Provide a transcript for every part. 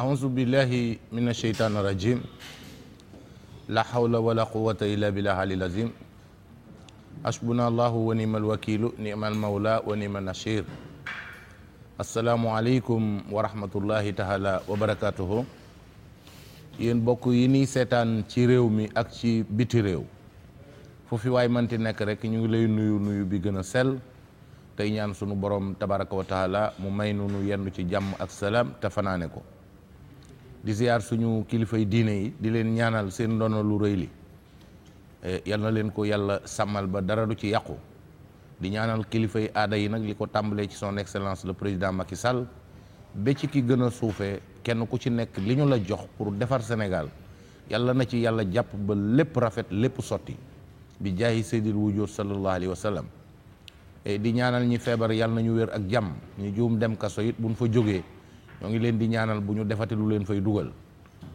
أعوذ بالله من الشيطان الرجيم لا حول ولا قوة إلا بالله العظيم حسبنا الله ونعم الوكيل نعم المولى ونعم النصير السلام عليكم ورحمة الله تعالى وبركاته yéen bokk yi ni seetaan ci réew mi ak ci biti réew fu fi waay manti nekk rek ñu ngi lay nuyu nuyu bi gën a sell tey ñaan sunu borom tabaraka wa taala mu may nu nu yenn ci jàmm ak salaam te fanaane ko di ziar suñu kilifay diine yi di leen ñaanal seen ndono lu rëy li eh, yal na leen ko yàlla sàmmal ba dara du ci yàqu di ñaanal kilifay aada yi nag li ko tàmbalee ci son excellence le président Macky Sall ba ci ki gën a suufee kenn ku ci nekk li ñu la jox pour defar Sénégal yàlla na ci yàlla jàpp ba lépp rafet lépp sotti bi jaayi seydil wujood sallallahu alayhi wa eh, di ñaanal ñi feebar yàlla na ñu wér ak jàmm ñu juum dem kaso bu buñ fa jógee ñoo ngi leen di ñaanal bu ñu defati lu leen fay dugal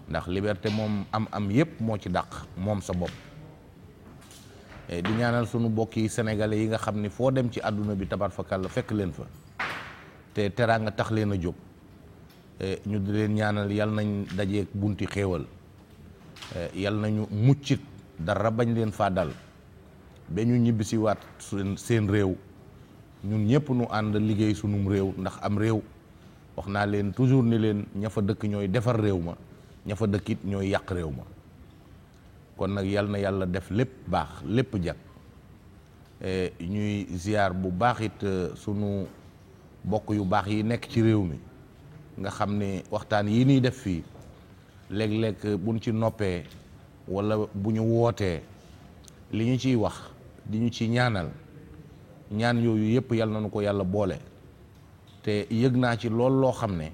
ndax liberté moom am am yépp moo ci dàq moom sa bopp eh, di ñaanal sunu bokki sénégalais yi nga xam ni foo dem ci àdduna bi tabar fakal la fekk leen fa te teraanga tax leen a jóg eh, ñu di leen ñaanal yal nañ dajeek bunti xéewal eh, yal nañu muccit dara bañ leen faa dal ba ñu ñibbisiwaat seen seen réew ñun ñëpp nu ànd liggéey sunum réew ndax am réew wax naa leen toujours ni leen ña fa dëkk ñooy defar réew ma ña fa dëkk it ñooy yàq réew ma kon nag yal na yàlla def lépp baax lépp jag e, ñuy ziar bu baax it e, sunu bokk yu baax yi nekk ci réew mi nga xam ne waxtaan yi ñuy def fii léeg-léeg buñ ci noppee wala bu ñu wootee li ñu ciy wax di ñu ci ñaanal ñaan yooyu yëpp yal na nu ko yàlla boole te yëg naa ci loolu loo xam ne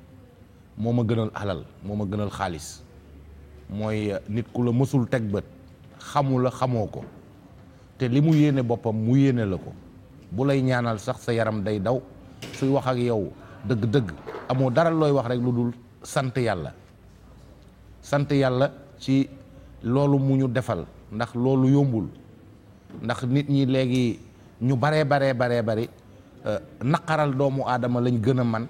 moo ma gënal alal moo ma gënal xaalis mooy eh, nit ku la mësul teg bët xamu la xamoo ko te li mu yéene boppam mu yéene la ko bu lay ñaanal sax sa yaram day daw suy wax ak yow dëgg-dëgg amoo dara looy wax rek lu dul sant yàlla sant yàlla ci loolu mu ñu defal ndax loolu yombul ndax nit ñi léegi ñu baree baree baree bari Euh, naqaral doomu aadama lañ gën a man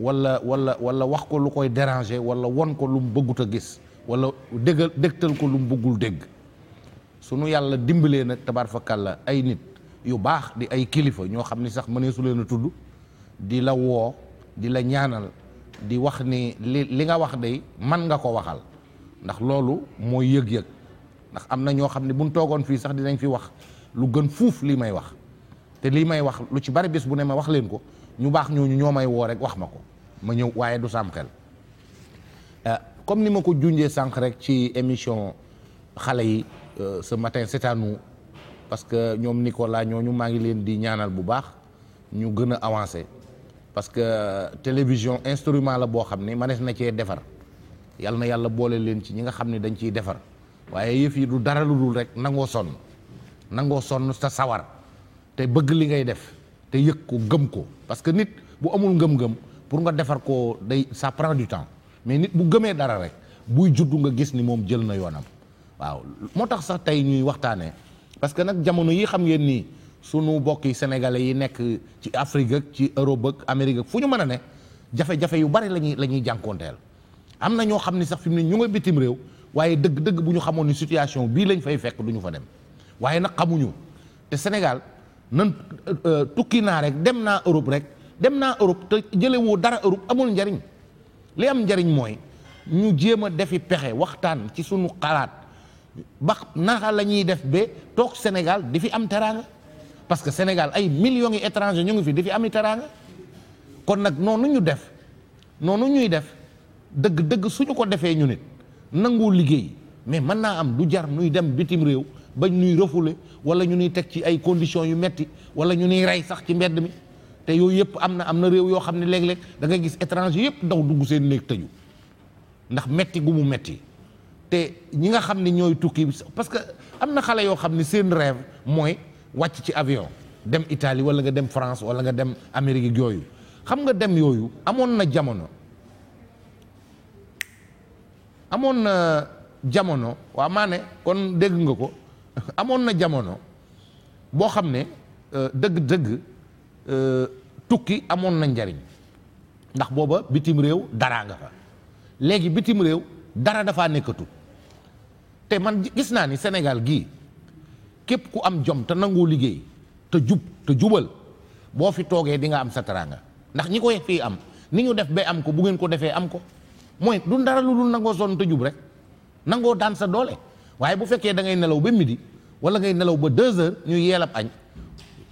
walla wala wala wax ko lu koy déranger wala won ko lu mu bëggut a gis wala déggal dégtal ko lu mu bëggul dégg sunu yàlla dimbalee nag tabarfakalla ay nit yu baax di ay kilifa ñoo xam ni sax mëneesu leen a tudd di la woo di la ñaanal di wax ni li li nga wax day man nga ko waxal ndax loolu mooy yëg-yëg ndax am na ñoo xam ne buñ toogoon fii sax dinañ fi wax lu gën fuuf lii may wax te lii may wax lu ci bari bés bu ne ma wax leen ko ñu baax ñooñu ñoo may woo rek wax ma ko ma ñëw waaye du sam xel euh, comme ni ma ko junjee sànq rek ci émission xale yi euh, ce matin c'est à nous parce que ñoom Nicolas ñooñu maa ngi leen di ñaanal bu baax ñu gën a avancer parce que euh, télévision instrument la boo xam ne manees na cee defar yal na yàlla boole leen ci ñi nga xam ne dañ ciy defar waaye yëf yi du dara lu dul rek nangoo sonn nangoo sonn sa sawar te bëgg li ngay def te yëg ko gëm ko parce que nit bu amul ngëm-ngëm pour nga defar ko day ça prend du temps mais nit bu gëmee dara rek buy juddu nga gis ni moom jël na yoonam waaw moo tax sax tey ñuy waxtaanee parce que nag jamono yi xam ngeen nii sunu bokki sénégalais yi nekk ci Afrique ak ci Europe ak Amérique ak fu ñu mën a ne jafe-jafe yu bari lañuy la ñuy jànkoonteel am na ñoo xam ni sax fi mu ne ñu nga bitim réew waaye dëgg-dëgg bu ñu xamoon ni situation bii lañ fay fekk du ñu dem waaye nag xamuñu Sénégal nan euh, euh, tukki naa rek dem naa Europe rek dem naa Europe te jëlewoo dara Europe amul njariñ li am njariñ mooy ñu jéem a defi pexe waxtaan ci suñu xalaat bax naka la ñuy def ba toog Sénégal di fi am teraanga parce que Sénégal ay millions yi étrangers ñu ngi fi di fi am teraanga kon nag noonu ñu def noonu ñuy def dëgg-dëgg suñu ko defee ñu nit nangoo liggéey mais mën naa am du jar nuy dem bitim réew bañ nuy refoulé wala ñu nuy teg ci ay conditions yu metti wala ñu nuy rey sax ci mbedd mi te yooyu yëpp am na am na réew yoo xam ne léeg-léeg da ngay gis étranger yëpp daw dugg seen néeg tëju ndax metti gu mu metti te ñi nga xam ni ñooy tukki parce que am na xale yoo xam ne seen rêve mooy wàcc ci avion dem Italie wala nga dem France wala nga dem Amérique jooyu xam nga dem yooyu amoon na jamono amoon na jamono waaw maa kon dégg nga ko amoon na jamono boo xam ne dëgg-dëgg euh, euh, tukki amoon na njariñ ndax booba bitim réew daraa nga fa léegi bitim réew dara dafaa nekkatu te man gis naa ni senegal gii képp ku am jom te nangoo liggéey te jub te jubal boo fi toogee di nga am sa teraanga ndax ñi koy fii am ni ñu def ba am ko bu ngeen ko defee am ko mooy du dara lu dul nangoo sonn te jub rek nangoo daan sa doole waaye bu fekkee da ngay nelaw ba midi wala ngay nelaw ba deux heures ñu yeelab añ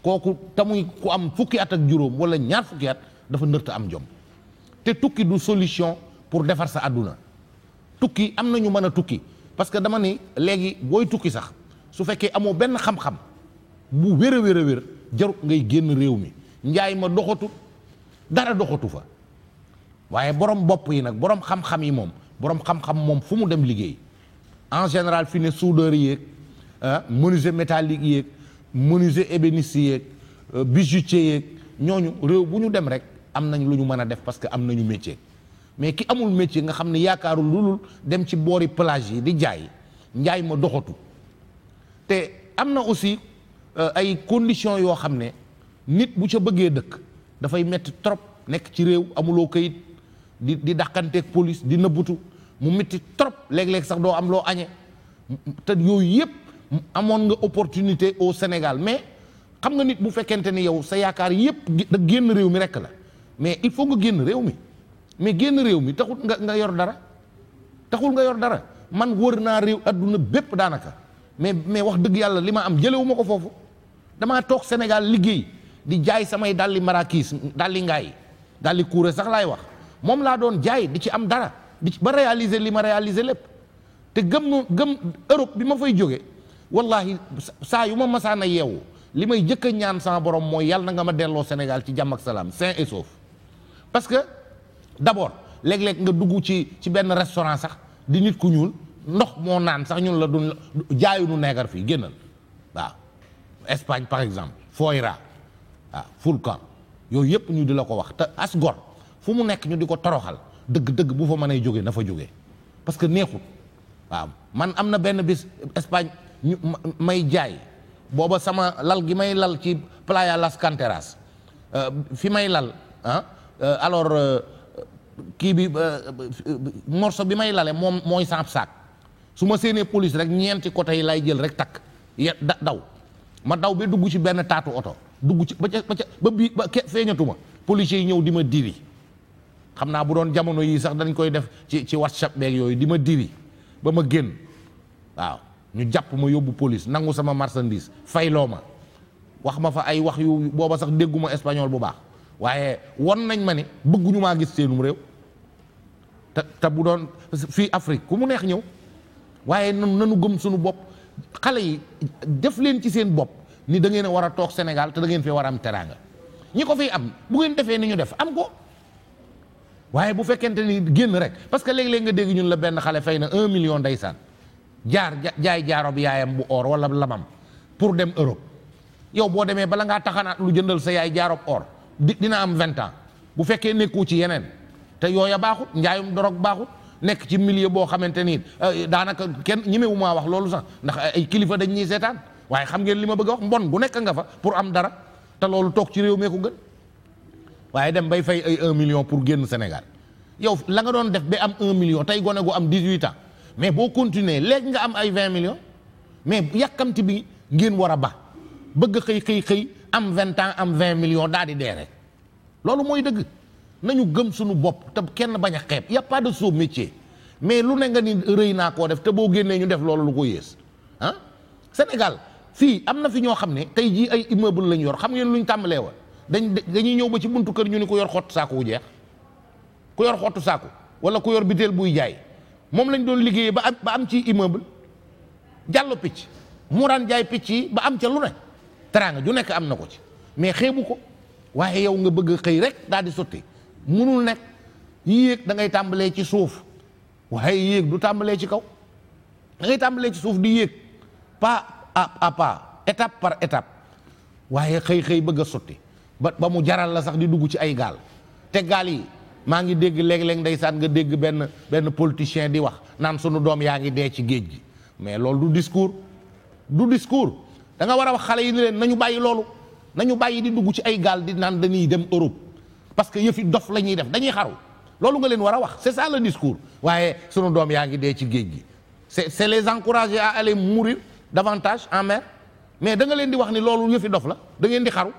kooku tamuy ku am fukki at ak juróom wala ñaar fukki at dafa ndërta am jom te tukki du solution pour defar sa àdduna tukki am na ñu mën a tukki parce que dama ni léegi booy tukki sax su fekkee amoo benn xam-xam bu wér a wér a wér jarut ngay génn réew mi njaay ma doxatut dara doxatu fa waaye borom bopp yi nag borom xam-xam yi moom borom xam-xam moom fu mu dem liggéey en général fi ne soudeur yeeg ah menuisier métallique yeeg menuisier ébéniste yeeg euh, bijoutier yeeg ñooñu réew bu ñu dem rek am nañ lu ñu mën a def parce que am nañu métier mais ki amul métier nga xam ne yaakaarul lulul dem ci boori plage yi di jaay njaay ma doxatu te am na aussi euh, ay conditions yoo xam ne nit bu ca bëggee dëkk dafay metti trop nekk ci réew amuloo kayit di di dàqanteeg police di nëbbutu mu métti trop léeg-léeg sax doo am loo añee te yooyu yëpp amoon nga opportunité au Sénégal mais xam nga nit bu fekkente ni yow sa yaakaar yëpp da génn réew mi rekk la mais il faut nga génn réew mi mais génn réew mi taxul nga nga yor dara taxul nga yor dara man wër naa réew adduna bépp daanaka mais mais wax dëgg yàlla li ma am jëlewu ma ko foofu damaa toog Sénégal liggéey di jaay samay dalli marakis dalli ngaay dalli kuure sax laay wax moom laa doon jaay di ci am dara di ba réaliser li ma réaliser lépp te gëm gëm Europe bi ma fay jóge wallahi saa yu ma masaan a yeewu li may jëkk ñaan sama borom mooy yàlla na nga ma delloo Sénégal ci jàmm ak salaam sain et sauf parce que d'abord léeg-léeg nga dugg ci ci benn restaurant sax di nit ku ñuul ndox moo naan sax ñun la du jaayunu neegar fii génnal waaw Espagne par exemple Foira waaw Fulcan yooyu yëpp ñu di la ko wax te as fu mu nekk ñu di ko toroxal dëgg-dëgg bu fa mënee jógee na fa jógee parce que neexut waaw man am na benn bis Espagne ñu may jaay booba sama lal gi may lal ci Playa Las Canteras euh, fi may lal ah euh, alors euh, kii bi morceau bi may lale moom mooy saab saak su ma séenee police rek ñeenti côté yi lay jël rek takk ya daw ma daw ba dugg ci benn taatu oto dugg ci ba ca ba ca ba bii ba feeñatuma policiers yi ñëw di ma diri xam naa bu doon jamono yii sax dañ koy def ci ci whatsapp beeg yooyu di ma diri ba ma génn waaw ñu jàpp ma yóbbu police nangu sama marchandise fayloo ma wax ma fa ay wax yu booba sax dégguma espagnol bu baax waaye won nañ ma ne bëgguñu maa gis seenum réew te te bu doon fii Afrique ku mu neex ñëw waaye nanu gëm suñu bopp xale yi def leen ci seen bopp ni da ngeen a war a toog Sénégal te da ngeen fee war am teraanga ñi ko fiy am bu ngeen defee ni ñu def am ko waaye bu fekkente ni génn rek parce que léeg-léeg nga dégg ñun la benn xale fay na un million ndeysaan jaar jaay jaaro bi yaayam bu or wala lamam pour dem Europe yow boo demee bala ngaa taxanaat lu jëndal sa yaay jaarob or dina am vingt ans bu fekkee nekkoo ci yeneen te yooya baaxut njaayum dorog baaxut nekk ci milieu boo xamante ni euh, daanaka kenn ñemewu maa wax loolu sax ndax ay kilifa dañ ñuy seetaan waaye xam ngeen li ma bëgg a wax mbon bu nekk nga fa pour am dara te loolu toog ci réew mee ko gën waaye dem bay fay ay 1 million pour génn senegal yow la nga doon def ba am un million tey gone gu am 18 ans mais boo continuer léegi nga am ay 20 millions mais yàkkamti bi ngeen war a ba bëgg xëy xëy xëy am vingt ans am 20 millions daal di dee rek loolu mooy dëgg nañu gëm sunu bopp te kenn bañ a xeeb y' a pas de sot métier mais lu ne nga ni rëy naa koo def te boo génnee ñu def loolu lu ko yées ah Sénégal fii am na fi ñoo xam ne tey jii ay immeuble lañ yor xam ngeen luñ tàmbalee woon dañ dañuy ñëw ba ci buntu kër ñu ni ku yor xottu saako wu jeex ku yor xottu saako wala ku yor biteel buy jaay moom lañ doon liggéeyee ba am ba am ci immeuble jàllo picc mu daan jaay picc yi ba am ca lu ne teraanga ju nekk am na ko ci mais xeebu ko waaye yow nga bëgg a xëy rek daal di sotti munul nekk yéeg da ngay tàmbalee ci suuf waaye yéeg du tàmbalee ci kaw da tàmbalee ci suuf di yéeg pas à pas étape par étape waaye xëy xëy bëgg a sotti ba ba mu jaral la sax di dugg ci ay gaal te gaal yi maa ngi dégg léeg-léeg ndeysaan nga dégg benn benn politicien di wax naan sunu doom yaa ngi dee ci géej gi mais loolu du discours du discours da nga war a wax xale yi ni leen na ñu bàyyi loolu nañu bàyyi di dugg ci ay gaal di naan dañuy dem Europe parce que yëfi dof la ñuy def dañuy xaru loolu nga leen war a wax c'est ça le discours waaye sunu doom yaa ngi dee ci géej gi c'est c'est les encourager à aller mourir davantage en mais da nga leen di wax ni loolu yëfi dof la da ngeen di xaru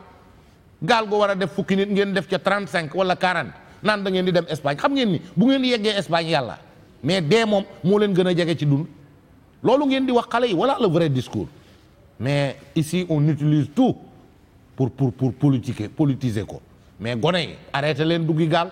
gaal gu war a def fukki nit ngeen def ca trent cinq wala quarante naan da ngeen di dem Espagne xam ngeen ni bu ngeen yeggee Espagne yàlla mais dee moom moo leen gën a jege ci dund loolu ngeen di wax xale yi la le vrai discours mais ici on utilise tout pour pour pour politiquer politiser ko mais gone yi arrêté leen duggi gaal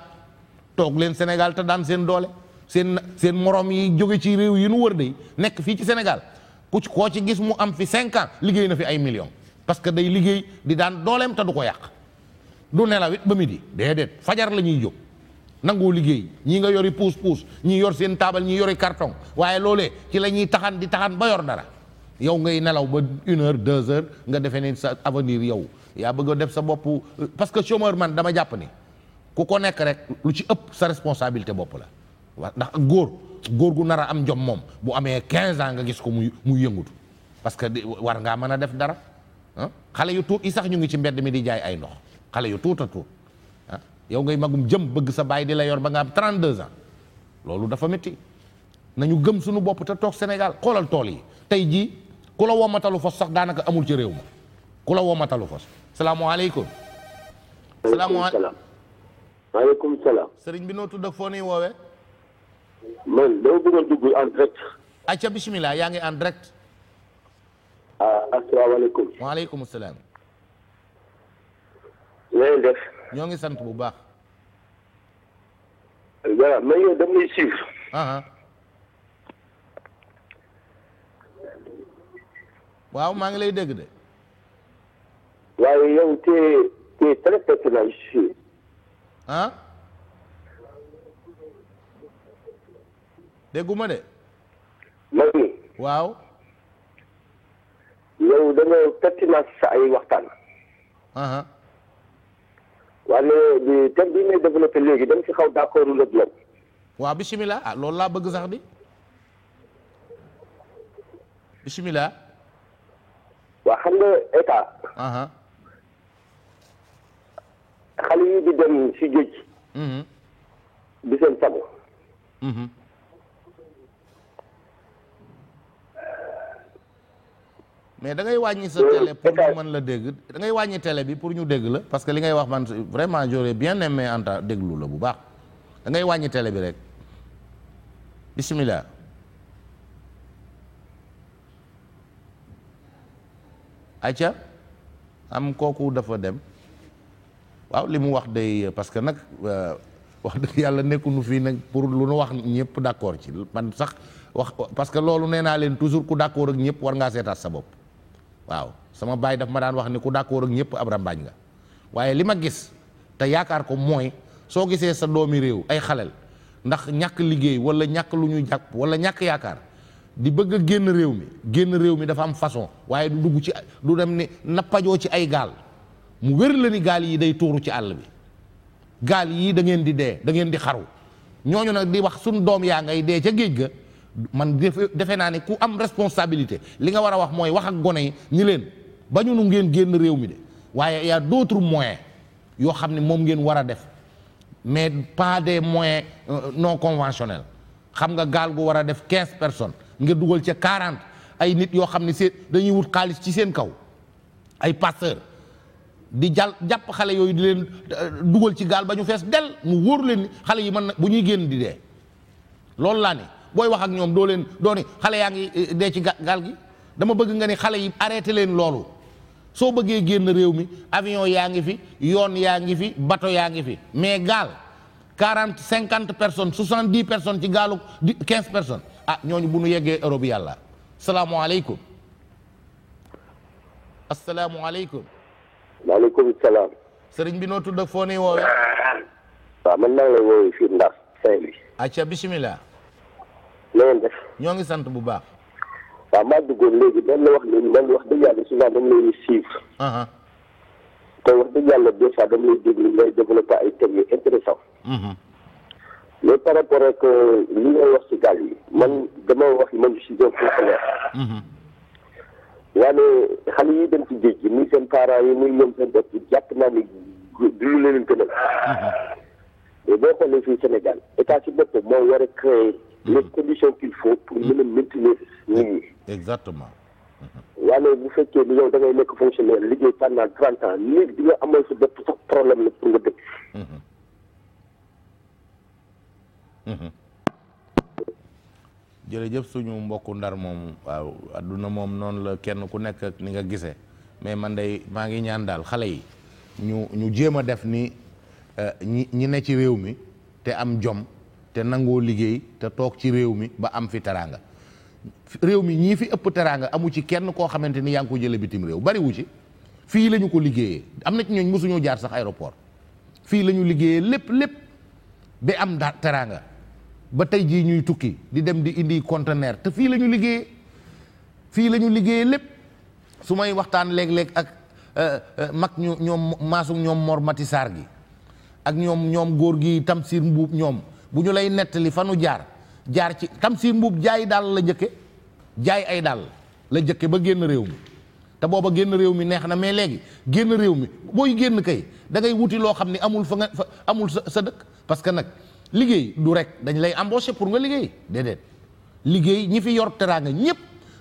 toog leen Sénégal te daan seen doole seen seen morom yi jóge ci réew yi nu wër de nekk fii ci Sénégal ku ci koo ci gis mu am fi cinq liggéey na fi ay millions parce que day liggéey di daan dooleem du ko yàq. du nelawit ba midi déedéet fajar la ñuy jóg nangoo liggéey ñii nga yori puus puus ñii yor seen taabal ñii yori carton waaye loole ci la ñuy taxan di taxan ba yor dara yow ngay nelaw ba une heure deux heures nga defee ne sa avenir yow yaa bëgg a def sa bopp euh, parce que chômeur man dama jàpp ni ku ko nekk rek lu ci ëpp sa responsabilité bopp la waa ndax góor góor gu nar a am jom moom bu amee quinze ans nga gis ko muy muy yëngutu parce que war ngaa mën a def dara ah xale yu tuut yi sax ñu ngi ci mbedd mi di jaay ay ndox xale yu tuuta tuut ah yow ngay magum jëm bëgg sa baay di la yor ba nga am trent 32 ans loolu dafa métti nañu gëm suñu bopp te toog Sénégal xoolal tool yi tey jii ku la womatalu fos sax daanaka amul ci réew ma ku la womatalu fos salaamaaleykum. salaamaaleykum. salaam. sëriñ bi noo tudd ak foo nii woowee. man dama bëggoon dugg en direct. acca bisimilah yaa ngi en direct. ah asalaamaaleykum. waaleykum salaam. ngeen def. ñoo ngi sant bu baax. voilà man yow da ngay suivre. waaw maa ngi lay dégg de. waaye yow te te très personnage si. ah. dégguma de. ma ni. waaw. yow da nga pertinence sa ay waxtaan. wala thème bi ngay développé léegi dama si xaw d' accord ak waa waaw bisimilah ah loolu laa bëgg sax di bisimilah. waa xam nga état. xale yi di dem si géej. Mhm. di seen sago. Mhm. mais da ngay wàññi sa télé pour ñu mën la dégg dangay wàññi télé bi pour ñu dégg la parce que li ngay wax man vraiment j'aurais bien aimé anta déglu la bu baax dangay wàññi télé bi rek bismillah aca am kooku dafa dem waaw li mu wax day parce que nag euh, wax dëgg yàlla nekku nekkunu fii nag pour lu nu wax ñëpp d'accord ci man sax wax parce que loolu nee naa leen ku d'accord ak ñëpp war ngaa seetaat sa bopp waaw sama baay daf ma daan wax ni ku d'accord ak ñëpp ab rambaañ nga waaye li ma gis te yaakaar ko mooy soo gisee sa doomi réew ay xalel ndax ñàkk liggéey wala ñàkk lu ñu jàpp wala ñàkk yaakaar di bëgg a génn réew mi génn réew mi dafa am façon waaye du dugg ci du dem ni nappajoo ci ay gaal mu wér la ni gaal yi day tuuru ci àll bi gaal yii da ngeen di dee da ngeen di xaru ñooñu nag di wax suñ doom yaa ngay dee ca géej ga man defe naa ne ku am responsabilité li nga war a wax mooy wax ak gone yi ñi leen ba ñu nu ngeen génn réew mi de waaye y a moyen yoo xam ne moom ngeen war a def mais pas des moyens euh, non conventionnel xam nga gaal gu war a def quinze personnes nga dugal ca quarante ay nit yoo xam ne seen dañuy wut xaalis ci seen kaw ay passeur di jàll jàpp xale yooyu di leen euh, dugal ci gaal ba ñu fees del mu wóoru leen xale yi mën nag bu ñuy génn di dee loolu laa ne booy wax ak ñoom doo leen doo ni xale yaa ngi eh, dee ci gaal gi dama bëgg nga ni xale yi arrêté leen loolu soo bëggee génn réew mi avion yaa ngi fi yoon yaa ngi fi bato yaa ngi fi mais gaal quarante cinquante personnes soixante dix personnes ci gaalu quinze personnes ah ñooñu bu nu yeggee Europe yàlla salaamaaleykum asalaamualeykum. maaleykum salaam. sëriñ bi noo tudd ak foo nii woowee. waaw man maa ngi lay fii Ndar saint acca bisimilah. la ngeen def. ñoo ngi sant bu baax. waaw maa duggoon léegi dañ la wax léegi man wax dëgg yàlla souvent dañ lay suivre. te wax dëgg yàlla des fois dañ lay déglu ngay développé ay thèmes yu intéressant mais par rapport ak euh, li ngay wax ci gaal yi man dama wax man je suis un fonctionnaire. waane xale yi dem ci géej gi muy seen parents yi muy ñoom seen bopp jàpp naa ni du ñu leen gënal. mais boo xoolee fii Sénégal état ci boppam moo war a créer. les conditions qu'il faut pour mën a maintenir nit ñi. exactement. Mhm. waaye bu fekkee ni yow da ngay nekk fonctionnaire liggéey pendant trente ans léegi di nga amal sa bopp sax problème la pour nga dëkk. Mhm. Mhm. jërëjëf suñu mbokku ndar moom waaw adduna moom noonu la kenn ku nekk ni nga gisee mais man day maa ngi ñaan daal xale yi ñu ñu jéem a def ni euh, ñi ne ci réew mi te am jom. te nangoo liggéey te toog ci réew mi ba am fi teraanga réew mi ñii fi ëpp teraanga amu ci kenn koo xamante ni yaa ngi ko jële bitim réew bariwu ci fii la ñu ko liggéeye am na ci ñooñ mosuñoo jaar sax aéroport fii lañu ñu lépp lépp ba am da teraanga ba tey jii ñuy tukki di dem di indi conteneur te fii la ñu liggéeyee fii lañu ñu lépp su may waxtaan leeg léeg ak euh, euh, mag ñu ñoom maasum ñoom Mor gi ak ñoom ñoom góor gi Tamsir Mbuub ñoom bu ñu lay nettali fanu jaar jaar ci Tamsir Mbuub jaay daal la njëkke jaay ay daal la jëkke ba génn réew mi te booba génn réew mi neex na mais léegi génn réew mi booy génn kay da ngay wuti loo xam ni amul fa nga fa amul sa sa dëkk parce que nag liggéey du rek dañ lay embaucher pour nga liggéey déedéet liggéey ñi fi yor teraanga ñëpp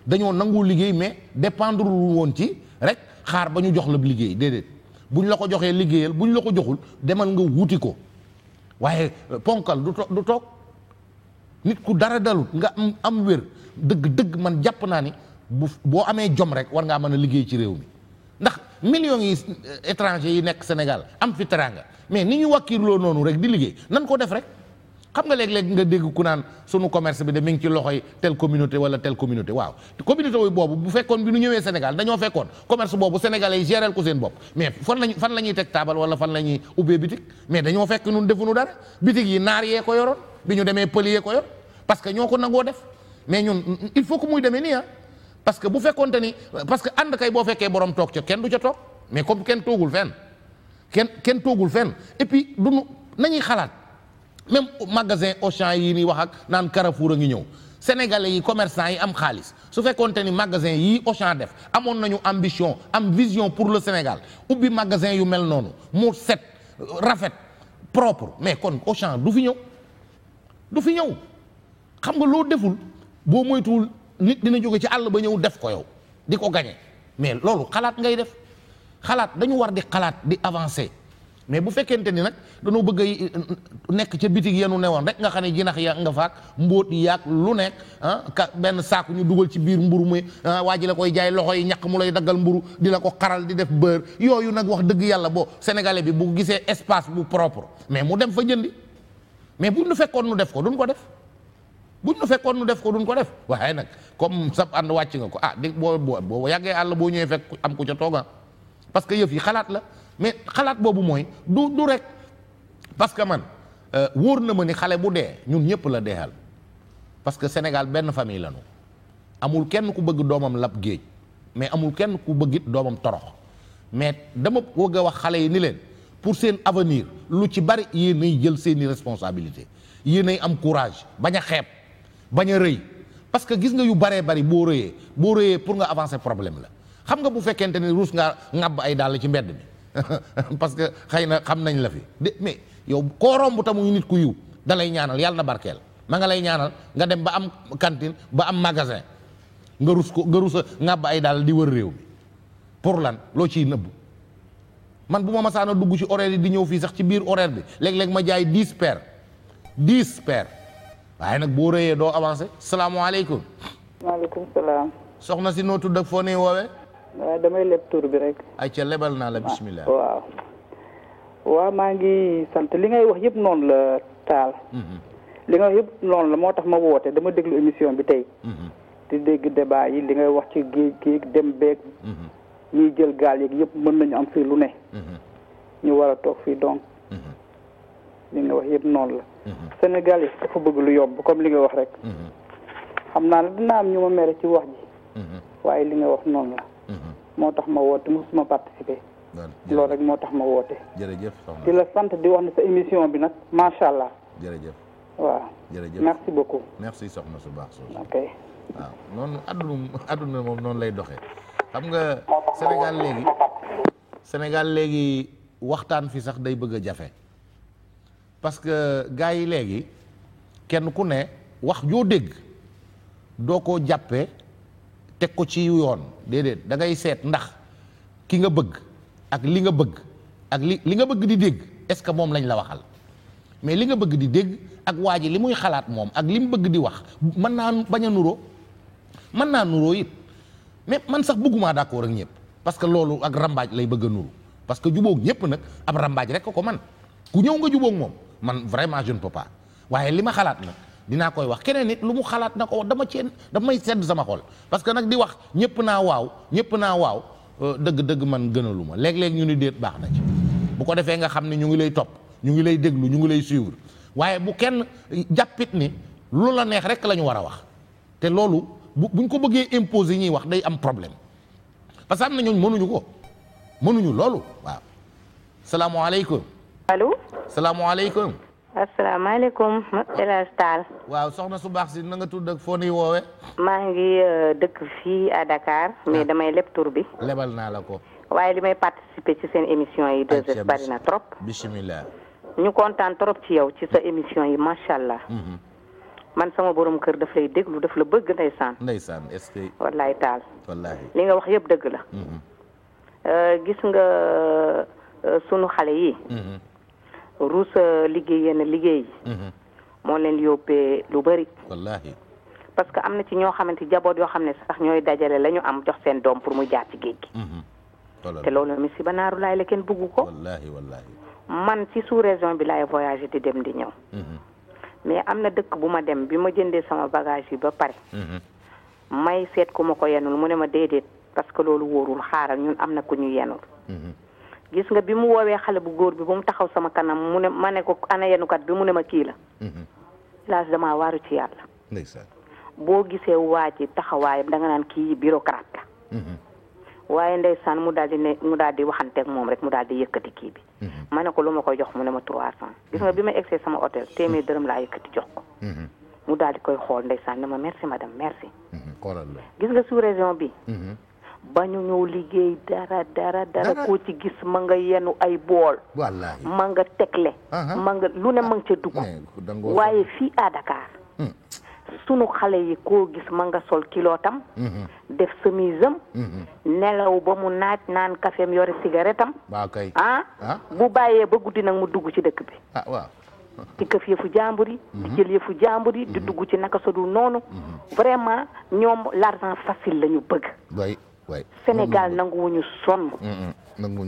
dañoo nangu liggéey mais dépendre woon ci rek xaar ba ñu jox la liggéey déedéet buñ la ko joxee liggéeyal bu buñ la ko joxul demal nga wuti ko waaye ponkal du toog du toog nit ku dara dalut nga am am wér dëgg-dëgg man jàpp naa ni bu boo amee jom rek war ngaa mën a liggéey ci réew mi ndax million yi euh, étrangers yi nekk Sénégal am fi teranga mais ni ñu loo noonu rek di liggéey nan ko def rek xam nga léeg-léeg nga dégg ku naan sunu commerce bi de mi ngi ci loxoy telle communauté wala telle communauté waaw communauté wooyu boobu bu fekkoon bi nu ñëwee Sénégal dañoo fekkoon commerce boobu sénégalais yi géreel ko seen bopp mais fan lañ fan la ñuy teg taabal wala fan la ñuy ubbee bitig mais dañoo fekk nun defuñu dara bitig yi naar yee ko yoroon bi ñu demee pël yee ko yor parce que ñoo ko nangoo def mais ñun il faut que muy demee nii ah parce que bu fekkoonte ni parce que ànd kay boo fekkee borom toog ca kenn du ca toog mais comme kenn toogul fenn kenn kenn toogul fenn et puis duñu nañuy xalaat même magasin Auchan yi ni wax ak naan Carrefour a ngi ñëw sénégalais yi commerçant yi am xaalis su fekkoonte ni magasin yi Auchan def amoon nañu ambition am vision pour le Sénégal ubbi magasin yu mel noonu mu set rafet propre mais kon Auchan du fi ñëw du fi ñëw xam nga loo deful boo moytuwul nit dina jóge ci àll ba ñëw def ko yow di ko gañe mais loolu xalaat ngay def xalaat dañu war di xalaat di avancé mais bu fekkente ni nag dañoo bëgg a nekk ca bitig yenu woon rek nga xam ne jinax ya nga faak mbóot yaag lu nekk ah ka benn saaku ñu dugal ci biir mburu muy ah, waa ji la koy jaay loxo yi ñàkk mu lay daggal mburu di la ko xaral di def beurre yooyu nag wax dëgg yàlla boo sénégalais bi bu gisee espace bu propre mais mu dem fa jëndi mais buñ nu fekkoon nu def ko duñ ko def buñ nu fekkoon nu def ko duñ ko def waaye nag comme sab ànd wàcc nga ko ah di boo boo boo yàggee àll boo ñëwee fekk am ku ca tooga ah. parce que yëf yi xalaat la mais xalaat boobu mooy du du rek parce que man euh, wóor na ma ni xale bu dee ñun ñëpp la deexal parce que Sénégal benn famille la ñu amul kenn ku bëgg doomam lab géej mais amul kenn ku bëggit doomam torox mais dama bëgg wax xale yi ni leen pour seen avenir lu ci bari yéenay jël seeni responsabilité yéen yéenay am courage bañ a xeeb bañ a rëy parce que gis nga yu baree bari boo rëyee boo rëyee pour nga avancer problème la xam nga bu fekkente ni ruus nga ŋàbb ay dàll ci mbedd mi parce que xëy na xam nañ la fi de mais yow koo romb ta muy nit ku yiw da ñaanal yàlla na barkeel ma nga lay ñaanal nga dem ba am cantine ba am magasin nga rus ko nga rusa ay daal di wër réew mi pour lan loo ciy nëbb man bu ma masaana dugg ci horaire yi di ñëw fii sax ci biir horaire bi léeg-léeg ma jaay dix paires dix paires waaye nag boo rëyee doo avancé salaamaaleykum. maaleykum salaam. soxna si noo tudd ak foo nee woowee. damay leb tur bi rek. ayca lebal naa la ah, bismillah. waaw waaw maa ngi sant li ngay wax yëpp noonu la taal. Mhm. li nga wax yëpp noonu la moo tax ma woote dama déglu émission bi tey. Mhm. di dégg débat yi li ngay wax ci géej gi dem beeg. Mhm. ñuy jël gaal yeeg yëpp mën nañu am fii lu ne. ñu war a toog fii donc. li nga wax yëpp noonu la. Sénégal yi dafa bëgg lu yomb comme li nga wax rek. xam naa ne dina am ñu ma mere ci wax ji. waaye li nga wax noonu la. moo tax ma woote mosuma participer. loolu rek moo tax ma woote. jërëjëf soxna di la sant di wax ne sa émission bi nag macha allah. jërëjëf. waaw jërëjëf merci beaucoup. merci soxna su baax soosu. ok waaw noonu àdduna moom noonu lay doxe xam nga Sénégal léegi Sénégal léegi waxtaan fi sax day bëgg a jafe parce que gars yi léegi kenn ku ne wax joo dégg doo ko jàppee teg ko ci yoon. déedéet da ngay seet ndax ki nga bëgg ak li nga bëgg ak li li nga bëgg di dégg est-ce que moom lañ la waxal mais li nga bëgg di dégg ak waa ji li muy xalaat moom ak li mu bëgg di wax mën naa bañ a nuroo mën naa nuroo it mais man sax bëggumaa d'accord ak ñëpp parce que loolu ak rambaaj lay bëgg nuru parce que jubóog ñëpp nag ab rambaaj rek ko man ku ñëw nga jubóog moom man vraiment je ne waaye li ma xalaat nag dinaa koy wax keneen nit lu mu xalaat na ko wax dama ceen damay sedd sama xol parce que nag di wax ñëpp naa waaw ñëpp naa waaw euh, dëgg-dëgg man gënalu ma léeg ñu ni déet baax na ci bu ko defee nga xam ne ñu ngi lay topp ñu ngi lay déglu ñu ngi lay suivre waaye bu kenn jàppit ni lu la neex rek lañu war a wax te loolu bu buñ ko bëggee imposer ñuy wax day am problème parce que am na ñooñ mënuñu ko mënuñu loolu waaw salaamaaleykum allo salaamaaleykum asalaamaaleykum El Hadj waaw soxna su baax si na nga tudd ak foo nii maa ngi euh, dëkk fii à Dakar mais ah. damay leb bi. lebal naa la ko. waaye li may participer ci seen émission yi. deux bari na trop. bisimilah. ñu kontaan trop ci yow ci sa mm-hmm. émission yi macha allah. Mm-hmm. man sama boroom kër daf lay déglu daf la bëgg ndeysaan. ndeysaan est-ce que. wallaay Tall. wallaahi li nga wax yëpp dëgg la. Mm-hmm. Euh, gis nga euh, sunu xale yi. ruus liggéey yenn liggéey mhm. moo leen yóbbee lu bari parce que am na ci ñoo xamante jaboot yoo xam ne sax ñooy dajale la ñu am jox seen doom pour mu jaar ci géej gi mhm. te loolu mi si banaaru laay la kenn buggu ko man ci sous région bi laay voyagé di dem di ñëw mhm. mais am na dëkk bu ma dem bi ma jëndee sama bagage yi ba pare may seet ku ma ko yenul mu ne ma déedéet parce que loolu wóorul xaaral ñun am na ku ñu yenul gis nga bi mu woowee xale bu góor bi ba mu taxaw sama kanam mu ne ma ne ko ana yenukat bi mu ne ma kii la. Mm-hmm. laaj damaa waaru ci yàlla. ndeysaan boo gisee waa ci taxawaay da nga naan kii bureaucrate la. Mm-hmm. waaye ndeysaan mu daal di ne mu daal di waxanteeg moom rek mu daal di yëkkati kii bi. Mm-hmm. ma ne ko lu ma koy jox mu ne ma trois cent. gis nga bi ma egsee sama hôtel téeméer dërëm laa yëkkati jox ko. mu daal di koy xool ndeysaan ne ma merci madame merci. xoolal gis nga sous région bi. ba ñu ñëw liggéey dara dara dara koo ci gis ma nga yenu ay bool ma nga tegle ma nga lu ne ma nga ca dugg waaye fii à Dakar hmm. sunu xale yi koo gis ma nga sol kilootam hmm. def semisam hmm. nelaw ba mu naaj naan kafeem yore cigarette ah? ah bu bàyyee ba guddi nag mu dugg ci dëkk bi ah waaw di këf yëfu jàmbur yi di jël yëfu jàmbur yi di dugg ci naka sodul noonu vraiment ñoom l'argent facile la ñu bëgg Sénégal nanguwuñu sonn.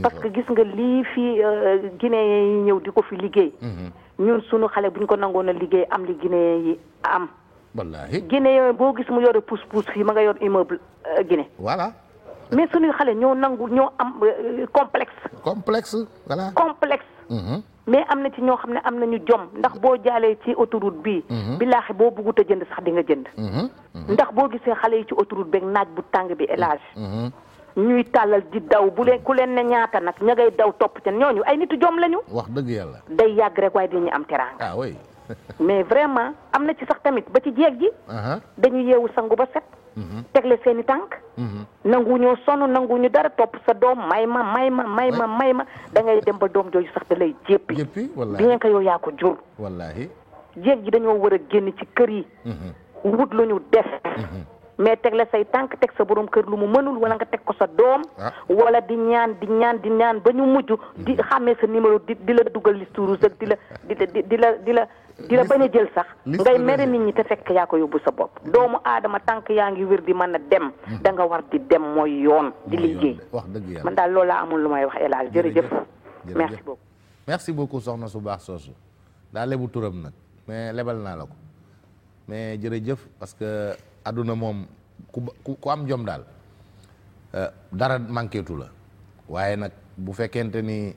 parce que gis nga lii fii euh, Guinéen yi ñëw di ko fi liggéey. Mm-hmm. ñun sunu xale buñ ko nangoon a liggéey am li Guinéen yi am. wallaahi Guinéen boo gis mu yore pousse pousse fii ma nga yor immeuble euh, Guinée. voilà mais sunuy xale ñoo nangu ñoo am euh, complexe. complexe voilà. complexe. Mm-hmm. mais am na ci ñoo xam ne am nañu jom ndax boo jaalee ci autoroute bi mhm. billaahi boo bëggut a jënd sax di nga jënd mhm. Mhm. ndax boo gisee xale yi ci autoroute beeg naaj bu tàng bi élage ñuy tàllal di daw bu leen ku leen ne ñaata nag ña ngay daw topp ca ñooñu ay nitu jom lañu wax dëgg yàlla day yàgg rek waaye dinañu am teraanga ah mais vraiment am na ci sax tamit ba ci jeeg ji dañu yeewu sangu ba set teg la seen i tànk. Mhm. nangu ñoo sonn nangu ñu dara topp sa doom may ma may ma may ma may ma da dem ba doom jooju sax da lay jéppi. jéppi wallaahi bien que yow yaa ko jur. wallaahi jéeg ji dañoo war a génn ci kër yi. Mhm. wut lu ñu def. Mhm. mais teg la say tànk teg sa boroom kër lu mu mënul wala nga teg ko sa doom. Ah. wala di ñaan di ñaan di ñaan ba ñu mujj. di hmm. xàmmee sa numéro di di la dugal liste rouge di la di la di la di la. di la bañ a jël sax ngay mere nit ñi te fekk yaa ko yóbbu sa bopp doomu aadama tànk yaa ngi wér di man a dem hmm. da nga war di dem mooy yoon di liggéey wax dëgg yàlla man daal lool laa amul lu may wax El Hadj jërëjëf merci beaucoup merci beaucoup soxna su baax soosu daa lebu turam nag mais lebal naa la ko mais jërëjëf àdduna moom ku ku am jom daal euh, dara manqué la waaye nag bu fekkente ni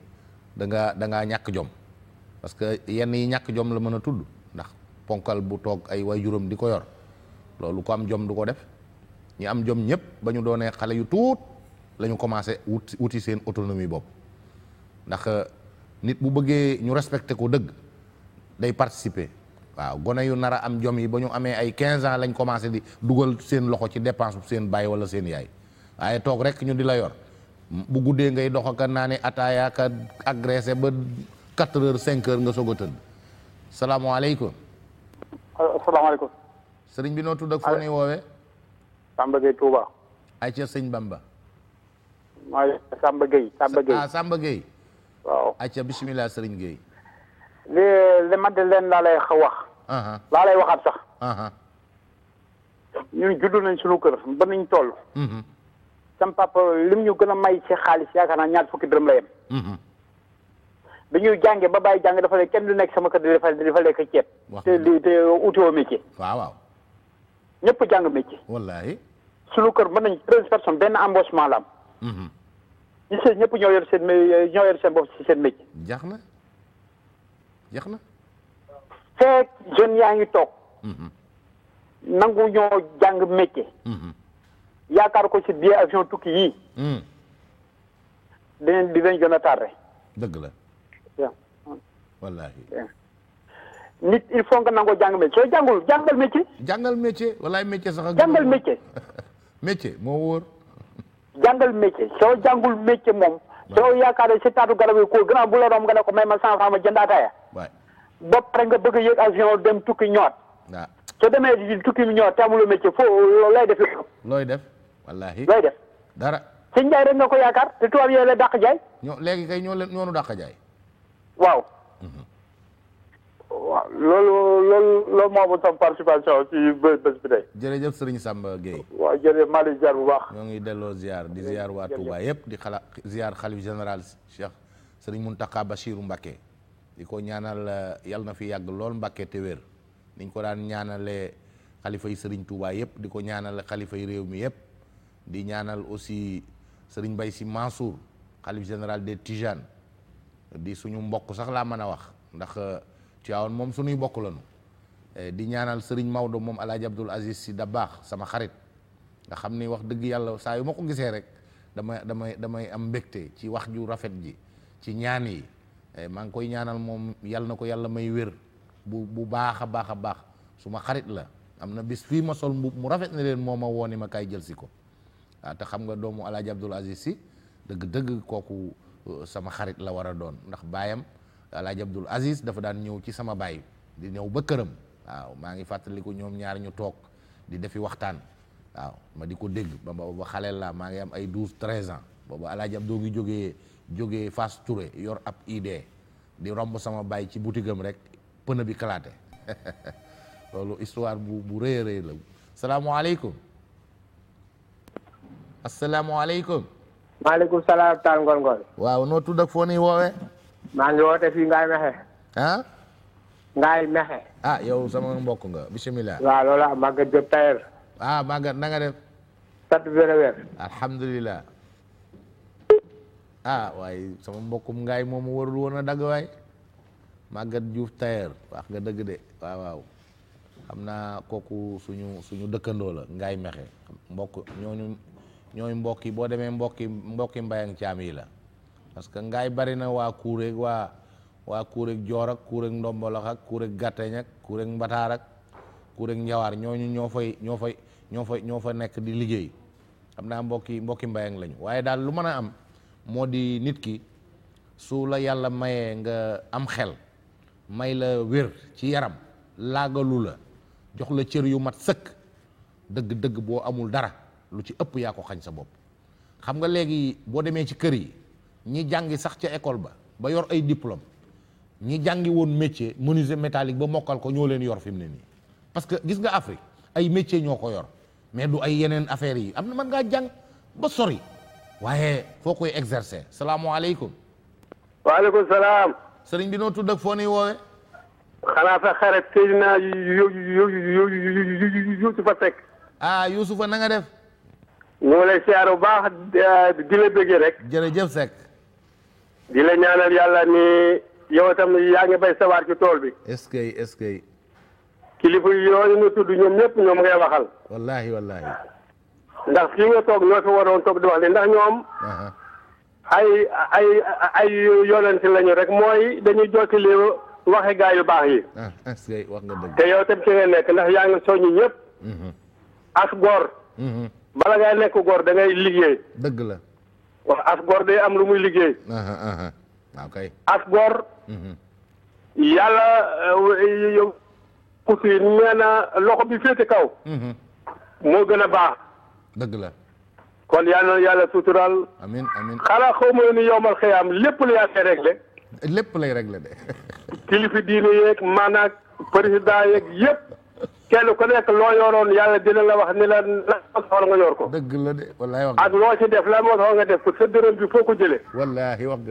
da nga da ngaa ñàkk jom parce que yenn yi ñàkk jom la mën a tudd ndax ponkal bu toog ay waay waajuram di ko yor loolu ku am jom du ko def ñi am jom ñëpp ba ñu doonee xale yu tuut la ñu commencé wut wuti seen autonomie bopp ndax euh, nit bu bëggee ñu respecté ko dëgg day participer waaw gone yu nar a am jom yi ba ñu amee ay 15 ans lañ commencé di dugal seen loxo ci dépense seen baay wala seen yaay waaye toog rek ñu di la yor bu guddee ngay dox ka naa ne ataaya ka agressé ba 4 heures cinq heures nga soog a tëdd salaamaaleykum. salaamaaleykum. sëriñ bi noo tudd ak foo nii woowee. Samba Gueye Touba. ay sëñ Bamba. maa ngi Samba Gueye. Ah, Samba Gueye waaw ay ca bisimilah sëriñ Gueye. li li leen laa lay wax. laa lay waxaat sax ñun juddu nañ suñu kër ba niñ toll mhm. sam papa lim ñu gën a may ci xaalis yaakaar naa ñaar fukki dërëm la mhm. bi ñuy jàngee ba bàyyi jàng dafa ne kenn du nekk sama kër di defal di defal lekk ceeb te di te uti woo métier waaw waaw ñëpp jàng métier wallahi suñu kër mën nañ treize benn embauchement la am mhm. ñi seen ñëpp ñoo yor seen ñoo yor seen bopp si seen métier jeex na jeex na feek jeunes yaa ngi toog mhm. nangu ñoo jàng métier mhm. yaakaar ko ci biir avion tukki yii mhm. dinañ dinañ gën a tardé dëgg la wallaahi nit il faut nga nangoo jàng métier soo jàngul jàngal métier jàngal métier wallaahi métier sax ak jàngal métier métier soo jàngul métier moom soo yaakaar si taatu garab yi ko gën a nga ne ko may ma cent franc ma jënd ataaya ba pare nga bëgg a yéeg avion dem tukki ñëwaat. Ah. waaw soo demee tukki bi ñëwaat te amuloo métier foo lay def. looy def wallaahi. looy def dara. sëñ jaay rek nga ko yaakaar te tubaab yooyu la dàq jaay. ñoo léegi kay ñoo leen ñoonu dàq jaay. waaw. Mhm. waaw loolu loolu loolu moo amoon sama participation ci bés bi tey. jërëjëf Serigne Samba Gueye. waaw jërëjëf maa ziar bu baax. ñoo ngi delloo ziar di ziar waa Touba yëpp di xala ziar xalif général Cheikh Serigne Mountakha Bachirou Mbacké. di ko ñaanal eh, yal na fi yàgg lool Mbàkke te wér niñ ko daan ñaanalee xalifa yu sëriñ Touba yëpp di ko ñaanal xalifa yu réew mi yëpp di ñaanal aussi sëriñ Bay Si Mansour xalif général des Tijanes di suñu mbokk sax laa mën a wax ndax eh, Tiwaawan moom suñuy bokk lañu eh, di ñaanal sëriñ Maodo moom Alaaji Abdul Aziz Si da baax sama xarit nga xam ni wax dëgg yàlla saa yu ma ko gisee rek damay damay damay am mbégte ci wax ju rafet ji ci ñaan yi Eh, maa ngi koy ñaanal moom yàlla na ko yàlla may wér bu bu baax a baax a baax suma xarit la am na bis fii ma sol mbub mu rafet na leen moo ma woo ni ma kay jël si ko waaw ah, te xam nga doomu alaaji Abdul Aziz si dëgg dëgg kooku uh, sama xarit la war a doon ndax baayam alaaji Abdul Aziz dafa daan ñëw ci sama baay di ñëw ba këram waaw maa ngi fàttaliku ñoom ñaar ñu toog di defi waxtaan waaw ma di ko dégg ba ba xaleel laa maa ngi am ay douze treize ans booba alaaji Abdul ngi jógee jógee fas Touré yor ab idée di romb sama baay ci boutigam rek pënë bi kalaate loolu histoire bu bu rëy a rëy la salaamaaleykum asalaamaaleykum. maaleykum salaam Tall Ngol Ngol. waaw noo tudd foo nii woowee. maa ngi woote fii Ngaye Mexe. ah. Mexe. ah yow sama mbokk nga bisimilah. waaw loolu ah Maguette Diop Tailleur. ah Maguette na nga def. sant bi wér-wér. ah waaye sama mbokkum ngaay moom warul woon a dagg waay Maguette Diouf Tailleur wax nga dëgg de waaw waaw xam naa kooku suñu suñu dëkkandoo la ngaay mexe mbokk ñooñu ñooy mbokk yi boo demee mbokki mbokki mbayang caam yi la parce que ngaay bari na waa kuuréeg waa waa kuuréeg joor ak kuuréeg ndombolox ak kuuréeg gàtteñ ak kuuréeg mbataar ak kuuréeg njawaar ñoo fay ñoo fay ñoo fay ñoo fa nekk di liggéey xam naa mbokki mbokki mbayang lañu waaye daal lu mën a am moo di nit ki su la yàlla mayee nga am xel may la wér ci yaram laagalu la jox la cër yu mat sëkk dëgg-dëgg boo amul dara lu ci ëpp yaa ko xañ sa bopp xam nga léegi boo demee ci kër yi ñi jàngi sax ca école ba ba yor ay diplôme ñi jàngi woon métier menuisier métallique ba mokkal ko ñoo leen yor fi mu ne nii parce que gis nga Afrique ay métier ñoo ko yor mais du ay yeneen affaires yi am na mën ngaa jàng ba sori waaye foo koy exercer salaamualeykum. waaleykum salaam. sëriñ bi noo tudd foo nii woowee. xanaa sa xarit Seydina Yusufa Seck. ah Yusufa na nga def. moo lay siyaar bu baax di la bëggee rek. jërëjëf Seck. di la ñaanal yàlla ni yow itam yaa ngi bay sawaar ci tool bi. est-ce que est-ce que. kilifa yooyu nga tudd ñoom ñëpp ñoom ngay waxal. wallaahi wallaahi. ndax fii nga toog ñoo fi waroon toog di wax ne ndax ñoom. ay ay ay yonent lañu rek mooy dañuy jottali waxe gaa yu baax yi. Ah, ah, wax nga dëgg. te yow tam ci nga nekk ndax yaa ngi soññi ñëpp. Mhm. as gor mhm. bala ngay nekk gor dangay liggéey. dëgg la. wax as góor day am lu muy liggéey. waaw ah, as góor. Mhm. yàlla euh, ku si na loxo bi féete kaw. moo gën a baax. dëgg la kon yal na yàlla suturaal. amiin amiin xanaa xaw ma ni yowmal xiyaam lépp la yàlla réglé. lépp lay réglé de. kilifi diine yeeg maanaam président yeeg yëpp kenn ko nekk loo yoroon yàlla dina la wax ni la la soxla nga yor ko. dëgg la de wallaay wax ak loo ci def la moo soxla nga def sa dërëm bi foo ko jëlee. wallaahi wax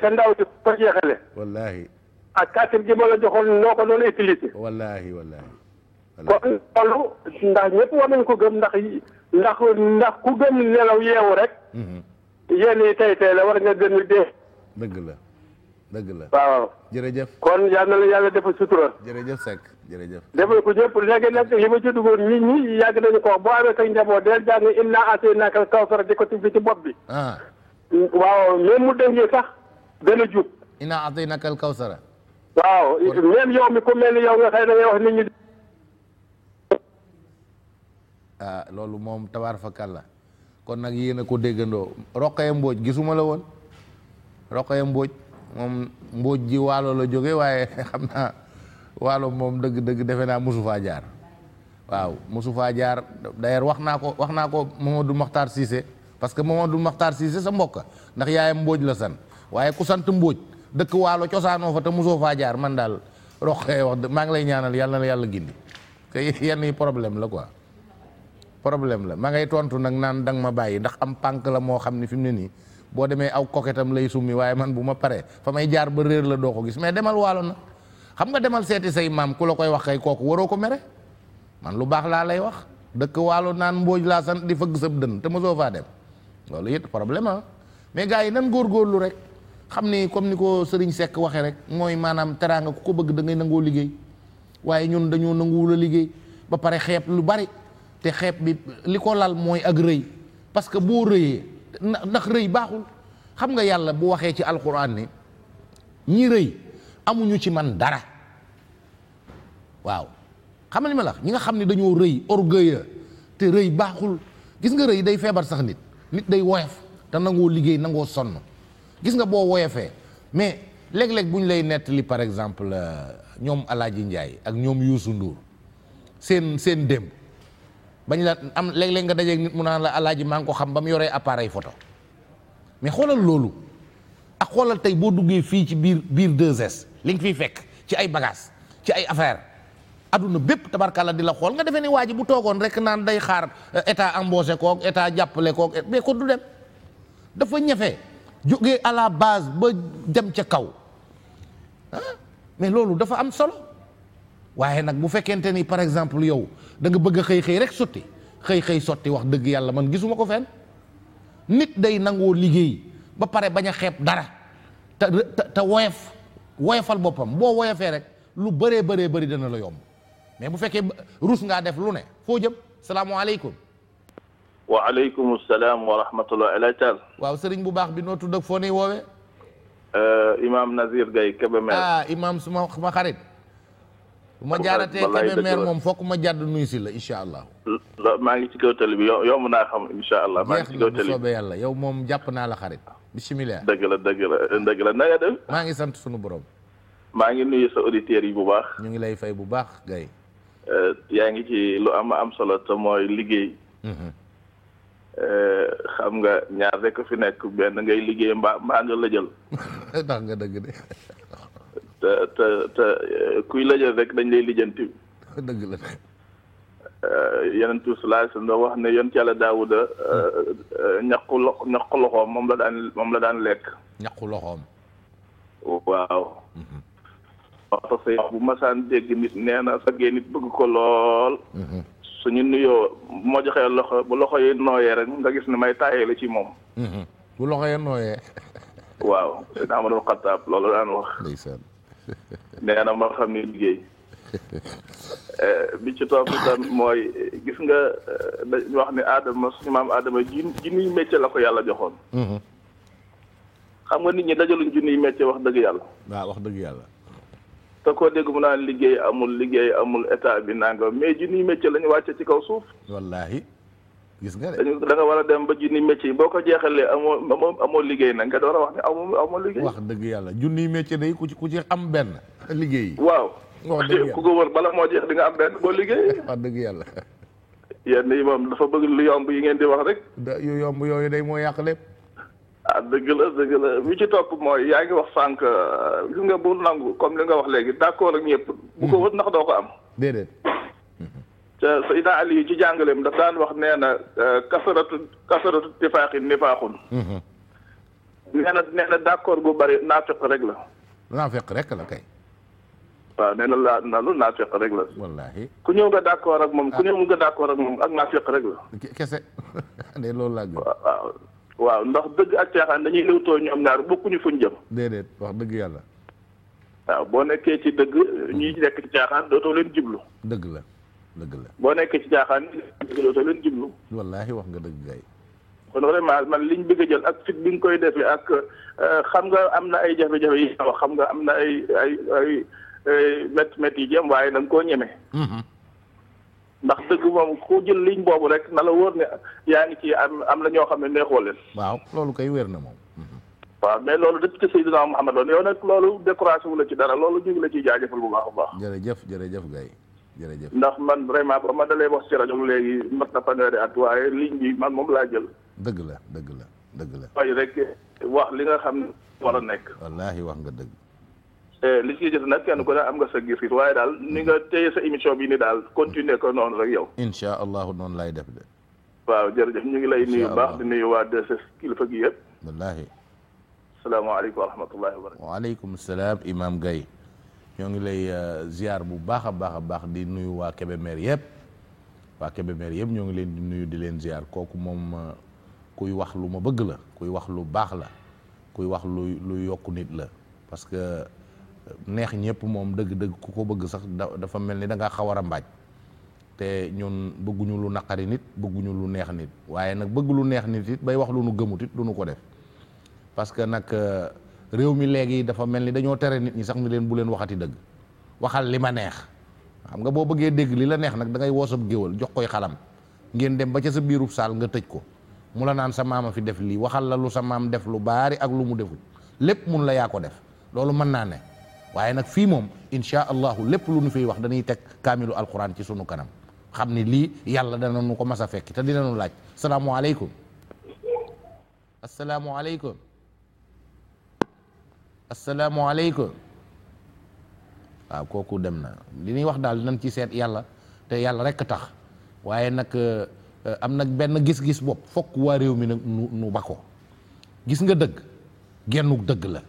nga ndaw ji ko jeexale. wallaahi. ak kàttan gi ma la joxoon noo ko doon utilisé. wallaahi wallaahi. kon ndax ñëpp war nañu ko gëm ndax. ndax ndax ku gën nelaw yeewu rek. Mhm. yéen yi tey tey la war nga gën dee. dëgg la dëgg la. waaw jërëjëf. kon yal na la yàlla defal sutura. jërëjëf Seck jërëjëf. defal ko ñëpp léegi nag yi ma ci duggoon nit ñi yàgg nañu ko boo amee kay njaboot deel jàng inna a'taynaka al-kawsar di ko tibbi ci bopp bi. Ah. waaw même mu déggee sax dana jub. inna a'taynaka al-kawsar. waaw même yow ku mel ni yow nga xëy na ngay wax nit ñi. ah loolu moom tabaar fa kàlla kon nag yéen a ko déggandoo Roqaya Mbooj gisuma la woon Roqaya Mbooj moom Mbooj ji waalo la jóge waaye xam naa waalo moom dëgg dëgg defe naa mosu faa jaar waaw mosu faa jaar d'ailleurs wax naa ko wax naa ko Mamadou Makhtar Cissé parce que du Makhtar Cissé sa mbokk ndax yaayam Mbooj la san waaye ku sant Mbooj dëkk waalo cosaanoo fa te mosoo faa jaar man daal Roqaya wax maa ngi lay ñaanal yàlla na la yàlla gindi te yenn yi problème la quoi. problème la ma ngay tontu nag naan danga ma bàyyi ndax am pànk la moo xam ne fi mu ne nii boo demee aw koketam lay summi waaye man bu ma paree fa may jaar ba réer la doo ko gis mais demal waalo nag xam nga demal seeti say maam ku la koy wax kay kooku waroo ko mere man lu baax laa lay wax dëkk waalo naan mbooj laa sant di fëgg sab dën te mosoo faa dem loolu it problème ah mais gars yi nan góorgóorlu rek xam ni comme ni ko Serigne sekk waxee rek mooy maanaam teraanga ku ko da ngay nangoo liggéey waaye te xeeb bi li ko lal mooy ak rëy parce que boo rëyee ndax rëy baaxul xam nga yàlla bu waxee ci alquran ni ñi rëy amuñu ci man dara waaw xam nga li ma la ñi nga xam ne dañoo rëy orgueilleux te rëy baaxul gis nga rëy day feebar sax nit nit day woyof te nangoo liggéey nangoo sonn gis nga boo woyofee mais léeg-léeg bu ñu lay nettali par exemple euh, ñoom Alaaji Njaay ak ñoom Yuusu Nduur seen seen démb bañ la am léeg-léeg nga dajeeg nit mu naan la alaaji maa ngi ko xam ba mu yoree appareil photo mais xoolal loolu ak xoolal tey boo duggee fii ci biir biir 2S li nga fiy fekk ci ay bagages ci ay affaires aduna bépp tabarkalla di la xool nga defee ni waa bu toogoon rek naan day xaar eh, état embauché koog état jàppale koog eh, mais ko du dem dafa ñafe jógee à la base ba dem ca kaw ah, mais loolu dafa am solo. waaye nag bu fekkente ni par exemple yow da nga bëgg xëy xëy rek sotti xëy xëy sotti wax dëgg yàlla man gisuma ko fenn nit day nangoo liggéey ba pare bañ a xeeb dara te te woyof woyofal boppam boo woyofee rek lu bëree bëree bëri dana la yomb mais bu fekkee rus ngaa def lu ne foo jëm salaamaaleykum. waaleykum salaam wa waaw sëriñ bu baax bi nootu tudd foo nii woowee. Euh, imaam Nazir Gaye Kébémer. ah imaam suma ma xarit. bu ma jaaratee Kébémer moom fokk ma jàdd nuyu si la incha allah. maa ngi ci kaw tali bi yomb naa xam incha allah. maa ngi ci kaw tali bi jeex na bu soobee yàlla yow moom jàpp naa la xarit. bisimilah dëgg la dëgg la dëgg la na nga def. maa ngi sant sunu borom. maa ngi nuyu sa auditeurs yi bu baax. ñu ngi lay fay bu baax gay euh, yaa ngi ci lu am am solo te mooy liggéey. Mhm. Euh, xam nga ñaar rek fi nekk benn ngay liggéey mbaa mbaa nga la jël. ndax nga dëgg de. te te te kuy lajal rek dañ lay lijjanti. dëgg la. yeneen tuuti laa si wax ne yonent yàlla Daawuda euh, euh, ñaqu loxoom moom la daan moom la daan lekk. ñaqu loxoom. waaw. parce mhm. bu masaan dégg nit nee saggee nit bëgg ko lool. Mhm. ñu nuyoo moo ma joxee loxo bu loxo yi nooyee rek nga gis ne may taayee la ci moom. Mhm. bu loxo yi nooyee. waaw dina am lu xattaab loolu daan wax. nee na xam ne liggéey eh, bi ci topp mooy gis nga eh, dañu wax ne aadama suñu maam aadama ji junniy métier la ko yàlla joxoon. Mm-hmm. xam nga nit ñi dajaluñ junniy métier wax dëgg yàlla. waaw wax dëgg yàlla. te koo dégg mu naan liggéey amul liggéey amul état bi nangam mais junniy métier lañu wàcce ci kaw suuf. gis nga de da war a dem ba junni métier boo ko jeexalee amoo amoo amoo liggéey nag nga door a wax ne amoo amoo liggéey. wax dëgg yàlla junni métier day ku ci ku ci am benn liggéey. waaw wax dëgg ku ko wër bala moo jeex di nga am benn boo liggéey. wax dëgg yàlla. yenn yi moom dafa bëgg lu yomb yi ngeen di wax rek. da yu yooyu day moo yàq lépp. ah dëgg la dëgg la bi ci topp mooy yaa ngi wax sànq euh, gis nga bu nangu comme li nga wax léegi d'accord ak ñëpp. bu ko hmm. wër ndax doo ko am. déedéet. Hmm. Seydina Ali ci jàngaleem daf daan wax nee na euh, kasaratu kasaratu tifaaqi nifaaxun mhm. nee na nee na d'accord bu bëri naafeq rek la naafeq rek la kay waaw nee na laa nalu lu naafeq rek la wallaahi ku ñëw nga d'accord ak moom ku ah. ñëw nga d'accord ak moom ak naafeq rek la kese de loolu laa gëm waaw ndox ndax dëgg ak caaxaan dañuy lëwtoo ñoom ñaar bokkuñu fuñ jëm déedéet wax dëgg yàlla waaw boo nekkee ci dëgg mm-hmm. ñuy nekk ci caaxaan dootoo leen jiblu dëgg la dëgg la boo nekkee ci caaxaan jëlooto leen jublu wallaahi wax nga dëgg gay kon vraiment man liñ bëgg a jël ak fit bi nga koy defee ak euh, xam nga am na ay jafe-jafe yi wax xam nga am na ay ay ay mét yi jëm waaye da koo ñeme mhm. ndax dëgg moom jël liñ boobu rek na la ne yaa ngi ci am am na ñoo xam ne neexoo leen waaw loolu koy wér na moom mhm. waaw mais loolu dëpp ci Seydina Mouhamed doon yow loolu découragé wu ci dara loolu ñu la ciy jaajëfal bu baax a baax jërëjëf jërëjëf gay jërëjëf ndax man vraiment ba ma dalee wax ci rajo léegi mat na fanweeri at waaye ligne bi man moom laa jël. dëgg la dëgg la dëgg la. waaye rek wax li nga xam war a nekk. wallaahi wax nga dëgg. Eh, li ci jëf nag kenn ku ne am nga sa gis waaye daal ni nga téye sa émission bi ni daal continuer ko noonu rek yow. incha allahu noonu lay def de. waaw jërëjëf ñu ngi lay nuyu baax di nuyu waa DSS kilifa gi yëpp. wallaahi. salaamaaleykum wa rahmatullahi wa barakatuh. waaleykum salaam Imaam Gaye ñoo ngi lay euh, ziar bu baax a baax a baax di nuyu waa Kébémer yëpp waa Kébémer yëpp ñoo ngi leen di nuyu di leen ziar kooku moom euh, kuy wax lu ma bëgg la kuy wax lu baax la kuy wax lu lu yokku nit la parce que euh, neex ñëpp moom dëgg-dëgg ku ko bëgg sax dafa mel ni danga nga xaw a mbaaj te ñun bëgguñu lu naqari nit bëgguñu lu neex nit waaye nag bëgg lu neex nit it bay wax lu nu gëmut it du nu ko def parce que nag réew mi léegi dafa mel ni dañoo tere nit ñi sax ni leen bu leen waxati dëgg waxal li ma neex xam nga boo bëggee dégg li la neex nag da ngay woosab géwal jox koy xalam ngeen dem ba ca sa biiru saal nga tëj ko mu la naan sa maama fi def lii waxal la lu sa maam def lu baari ak lu mu deful lépp mun la yaa ko def loolu mën naa ne waaye nag fii moom insha allahu lépp lu nu fiy wax dañuy teg kaamilu alquran ci sunu kanam xam ni lii yàlla dana nu ko mas a fekki te dina nu laaj salaamualeykum asalaamualeykum asalaamualeykum waaw kooku dem na li ñuy wax daal nañ ci seet yàlla te yàlla rek tax waaye nag euh, am nag benn gis-gis bopp fokk waa réew mi nag nu nu ba gis nga dëgg gennu dëgg la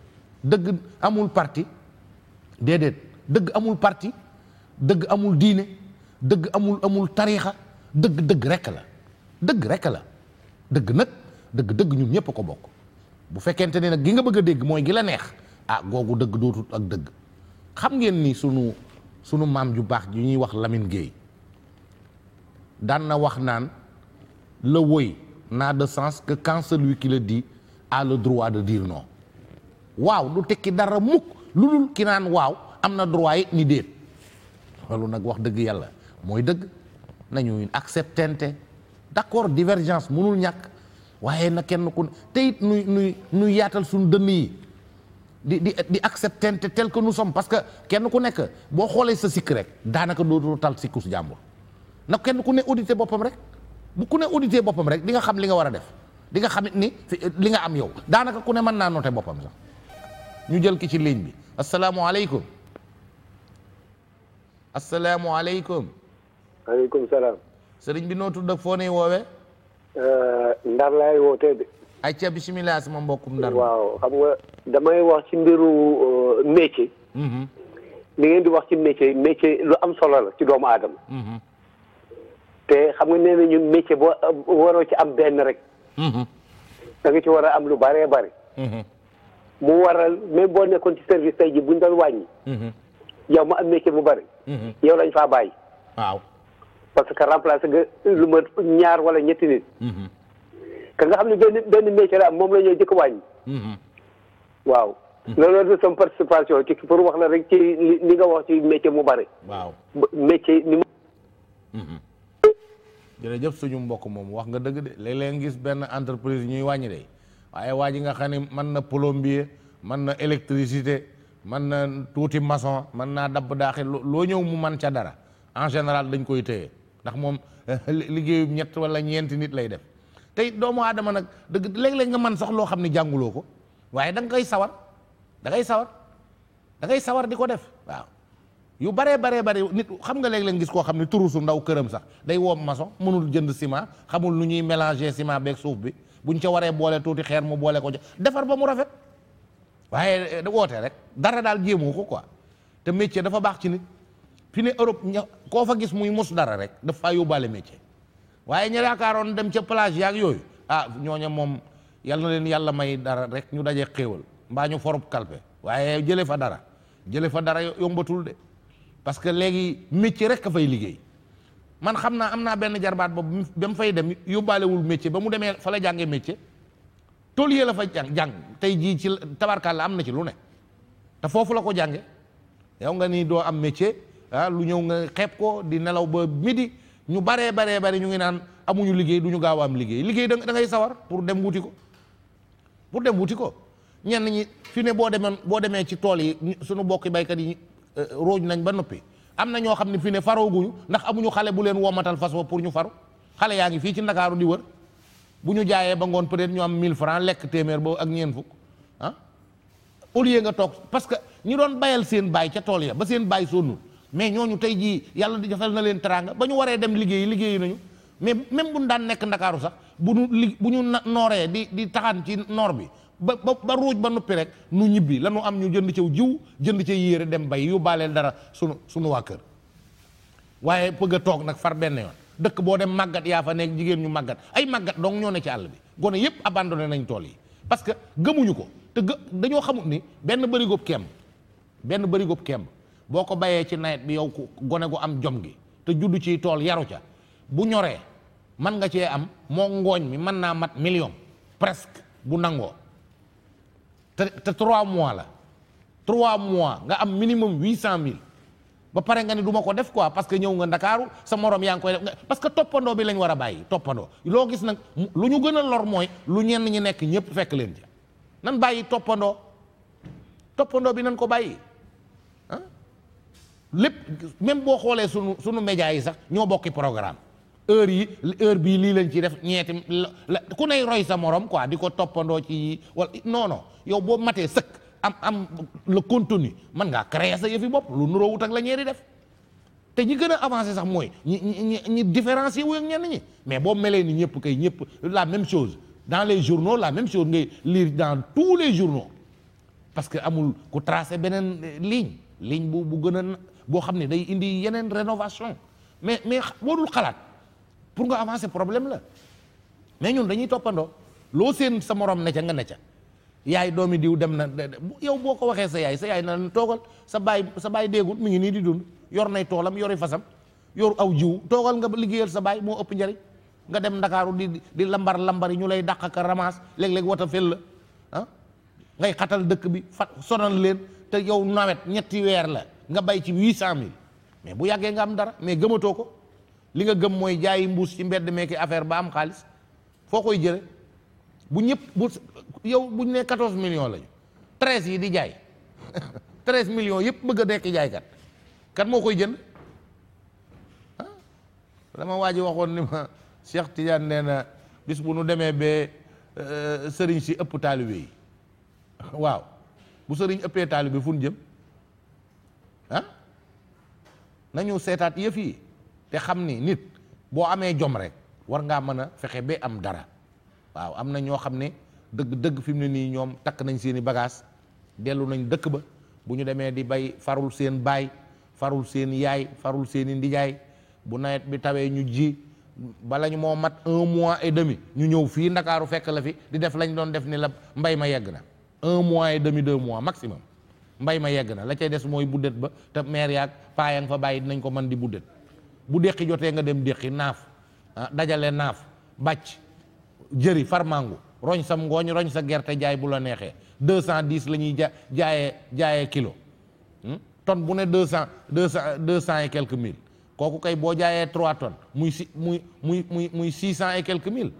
dëgg amul parti déedéet dëgg amul parti dëgg amul diine dëgg amul amul tarixa dëgg dëgg rekk la dëgg rekk la dëgg nag dëgg dëgg ñun ñëpp ko bokk bu fekkente ne nag gi nga bëgg dégg mooy gi la neex ah googu dëgg dootul ak dëgg xam ngeen ni sunu sunu maam ju baax ju ñuy wax lamin Guèye daan na wax naan le woy n'a de sens que quand celui qui le dit a le droit de dire noo waaw du tekki dara mukk lu dul ki naan waaw am na droit yi ni déet loolu nag wax dëgg yàlla mooy dëgg nañu acceptante d'accord divergence mënul ñàkk waaye na kenn ku ne nuy nuy yaatal suñu dënn yi di di di accepter tel que nous sommes parce que kenn ku nekk boo xoolee sa sikk rek daanaka doo tal sikku su jàmbur na kenn ku ne audité boppam rek bu ku ne audité boppam rek di nga xam li nga war a def di nga xamit ni li nga am yow daanaka ku ne mën naa noté boppam sax ñu jël ki ci ligne bi asalaamaaleykum asalaamaaleykum. aleykum salaam. sëriñ bi noo tudd ak foo ne woowe euh, Ndar laay wootee de. ay ca bisimilah sama mbokkum ndar waaw xam nga damay wax ci mbiru euh, métier mm-hmm. li ngeen di wax ci métier métier lu am solo la ci doomu aadama mm-hmm. te xam nga nee ñu ñun métier boo waroo ci am benn rek mm-hmm. danga ci war a am lu bëree bëri mu waral même boo nekkoon ci service tey ji buñ dal wàññi yow ma am métier mu bëri yow lañ faa bàyyi waaw parce que remplacé nga lu ma ñaar wala ñetti nit ka nga xam ne benn benn métier am moom la ñuy jëkk wàññi mhm. waaw mhm. loolu participation ci wax la rek ci li nga wax ci métier mu bari waaw métier ni mu mhm. jërëjëf suñu mbokk moom wax nga dëgg de léeg-léeg gis benn entreprise ñuy wàññi de waaye waa ji nga xam ne mën na plombier mën na électricité man na tuuti mason mën naa dabb daaxi loo ñëw mu man ca dara en général dañ koy téye ndax moom liggéeyu ñett wala ñeenti nit lay def tey doomu aadama nag dëgg léeg-léeg nga man sax loo xam ni jànguloo ko waaye danga koy sawar da ngay sawar dangay sawar di ko def waaw yu baree baree bare nit xam nga léeg-léeg gis koo xam ne turu su ndaw këram sax day woom maçon mënul jënd ciment xamul lu ñuy mélanger ciment beeg suuf bi buñ ca waree boole tuuti xeer mu boole ko defar ba mu rafet waaye da eh, woote rek dara daal jéemoo ko quoi te métier dafa baax ci nit fi ne Europe ña koo fa gis muy mos dara rek dafa faa yóbbaale métier waaye ñu yaakaaroon dem ca plage yaag yooyu ah ñooña moom yal na leen yàlla may dara rek ñu daje xéewal mbaa ñu forub kalpe waaye jële fa dara jële fa dara yombatul de parce que léegi métier rek a fay liggéey man xam naa am naa benn jarbaat boobu ba mu fay dem yóbbaalewul métier ba mu demee fa la jàngee métier tool yee la fa jàng tey jii ci tabarkaal la am na ci lu ne te foofu la ko jànge yow nga nii doo am métier ah, lu ñëw nga xeeb ko di nelaw ba midi ñu baree baree bari ñu ngi naan amuñu liggéey du ñu gaaw am liggéey liggéey dangay sawar pour dem wuti ko pour dem wuti ko ñenn ñi fi boo demoon boo demee ci tool yi suñu bokki baykat yi euh, rooj nañ ba noppi am na ñoo xam ne fi ne farooguñu ndax amuñu xale bu leen womatal fas wa pour ñu faru xale yaa ngi fii ci ndakaaru di wër bu ñu jaayee ba ngoon peut-être ñu am 1000 francs lekk téeméer ba ak ñeen fukk ah au lieu nga toog parce que ñi doon bayal seen baay ca tool ya ba seen baay sonnul mais ñooñu tey jii yàlla di defal na leen teraanga ba ñu waree dem liggéey liggéeyi nañu mais même bu ñu daan nekk ndakaaru sax bu ñu li bu ñu nooree di di taxaan ci noor bi ba ba ba ruuj ba noppi rek nu ñibbi la nu am ñu jënd ciw jiw jënd ci yére dem bay yóbbaaleel dara sunu sunu waa kër waaye bëgg toog nag far benn yoon dëkk boo dem màggat yaa fa nekk jigéen ñu màggat ay màggat donc ñoo ne ci àll bi gone yépp abandonné nañ tool yi parce que gëmuñu ko te dañoo xamut ni benn bërigoob kemb benn bërigoob kemb boo ko bayee ci nawet bi yow gone gu am jom gi te juddu ci tool yaru ca bu ñoree mën nga cee am moo ngooñ mi mën naa mat million presque bu nangoo te te trois mois la trois mois nga am minimum huit cent mille ba pare nga ne du ma ko def ko parce que ñëw nga ndakaaru sa morom yaa ngi koy def parce que toppandoo bi lañ war a bàyyi toppandoo loo gis nag lu ñu gën a lor mooy lu ñeen ñi nekk ñëpp fekk leen ci nan bàyyi toppandoo toppandoo bi nan ko bàyyi lépp même boo xoolee sunu sunu média yi sax ñoo bokki programme heure yi heure bii lii lañ ci def ñeeti la ku nay roy sa moroom quoi di ko toppandoo ci wala non non yow boo matee sëkk am am le contenu mën ngaa créer sa yëfi bopp lu nuroo wut ak la ñeeri def te ñi gën a avancé sax mooy ñi ñi ñi différencier wu ak ñenn ñi mais boo melee ni ñëpp kay ñëpp la même chose dans les journaux la même chose ngay lire dans tous les journaux parce que amul ku tracé beneen ligne ligne bu gën a boo xam ne day indi yeneen rénovation mais mais boo xalaat pour nga avancer problème la mais ñun dañuy toppandoo loo seen sa moroom ne ca nga ne ca yaay doomi diw dem na yow boo ko waxee sa yaay sa yaay na toogal sa baay sa baay déegul mi ngi nii di dund yor nay toolam yori fasam yor aw jiw toogal nga liggéeyal sa baay moo ëpp njariñ nga dem ndakaaru di di lambar lambari yi ñu lay daq ak ramas léeg-léeg wata fel la ah ngay xatal dëkk bi fa sona leen te yow nawet ñetti weer la nga bay ci huit cent mille mais bu yàggee nga am dara mais gëmatoo ko li nga gëm mooy jaayi mbuus ci mbedd meeki affaire ba am xaalis foo koy jële bu ñëpp bu yow buñ ne quatorze millions lañu treize yi di jaay treize millions yëpp bëgg a nekk jaaykat kat moo koy jënd dama ah? waa ji waxoon ni ma Cheikh Tidiane nee na bis bu nu demee ba euh, sëriñ si ëpp taalibe yi waaw bu sëriñ ëppee taalibe fu nu jëm nañu seetaat yëf yi te xam ni nit boo amee jom rek war ngaa mën a fexe ba am dara waaw am na ñoo xam ne dëgg dëgg fi mu ne nii ñoom takk nañ seeni bagage dellu nañ dëkk ba bu ñu demee di bay farul seen baay farul seen yaay farul seeni ndijaay bu nawet bi tawee ñu ji bala ñu moo mat un ay et demi ñu ñëw fii ndakaaru fekk la fi di def lañ doon def ni la mbay ma yegg na un mois et demi deux mois maximum mbay ma yegg na la cay des mooy buddet ba te maire yaag paayang fa bàyyi dinañ ko man di buddet bu déqi jotee nga dem déqi naaf ah, dajale naaf bàcc jëri farmangu roñ sam ngooñ roñ sa gerte jaay bu la neexee deux cent dix la ñuy ja jaayee jaayee kilo hmm? ton bu ne deux cent deux cent deux cent et quelques mille kooku kay boo jaayee trois tonnes muy si muy muy muy muy six cent et quelques mille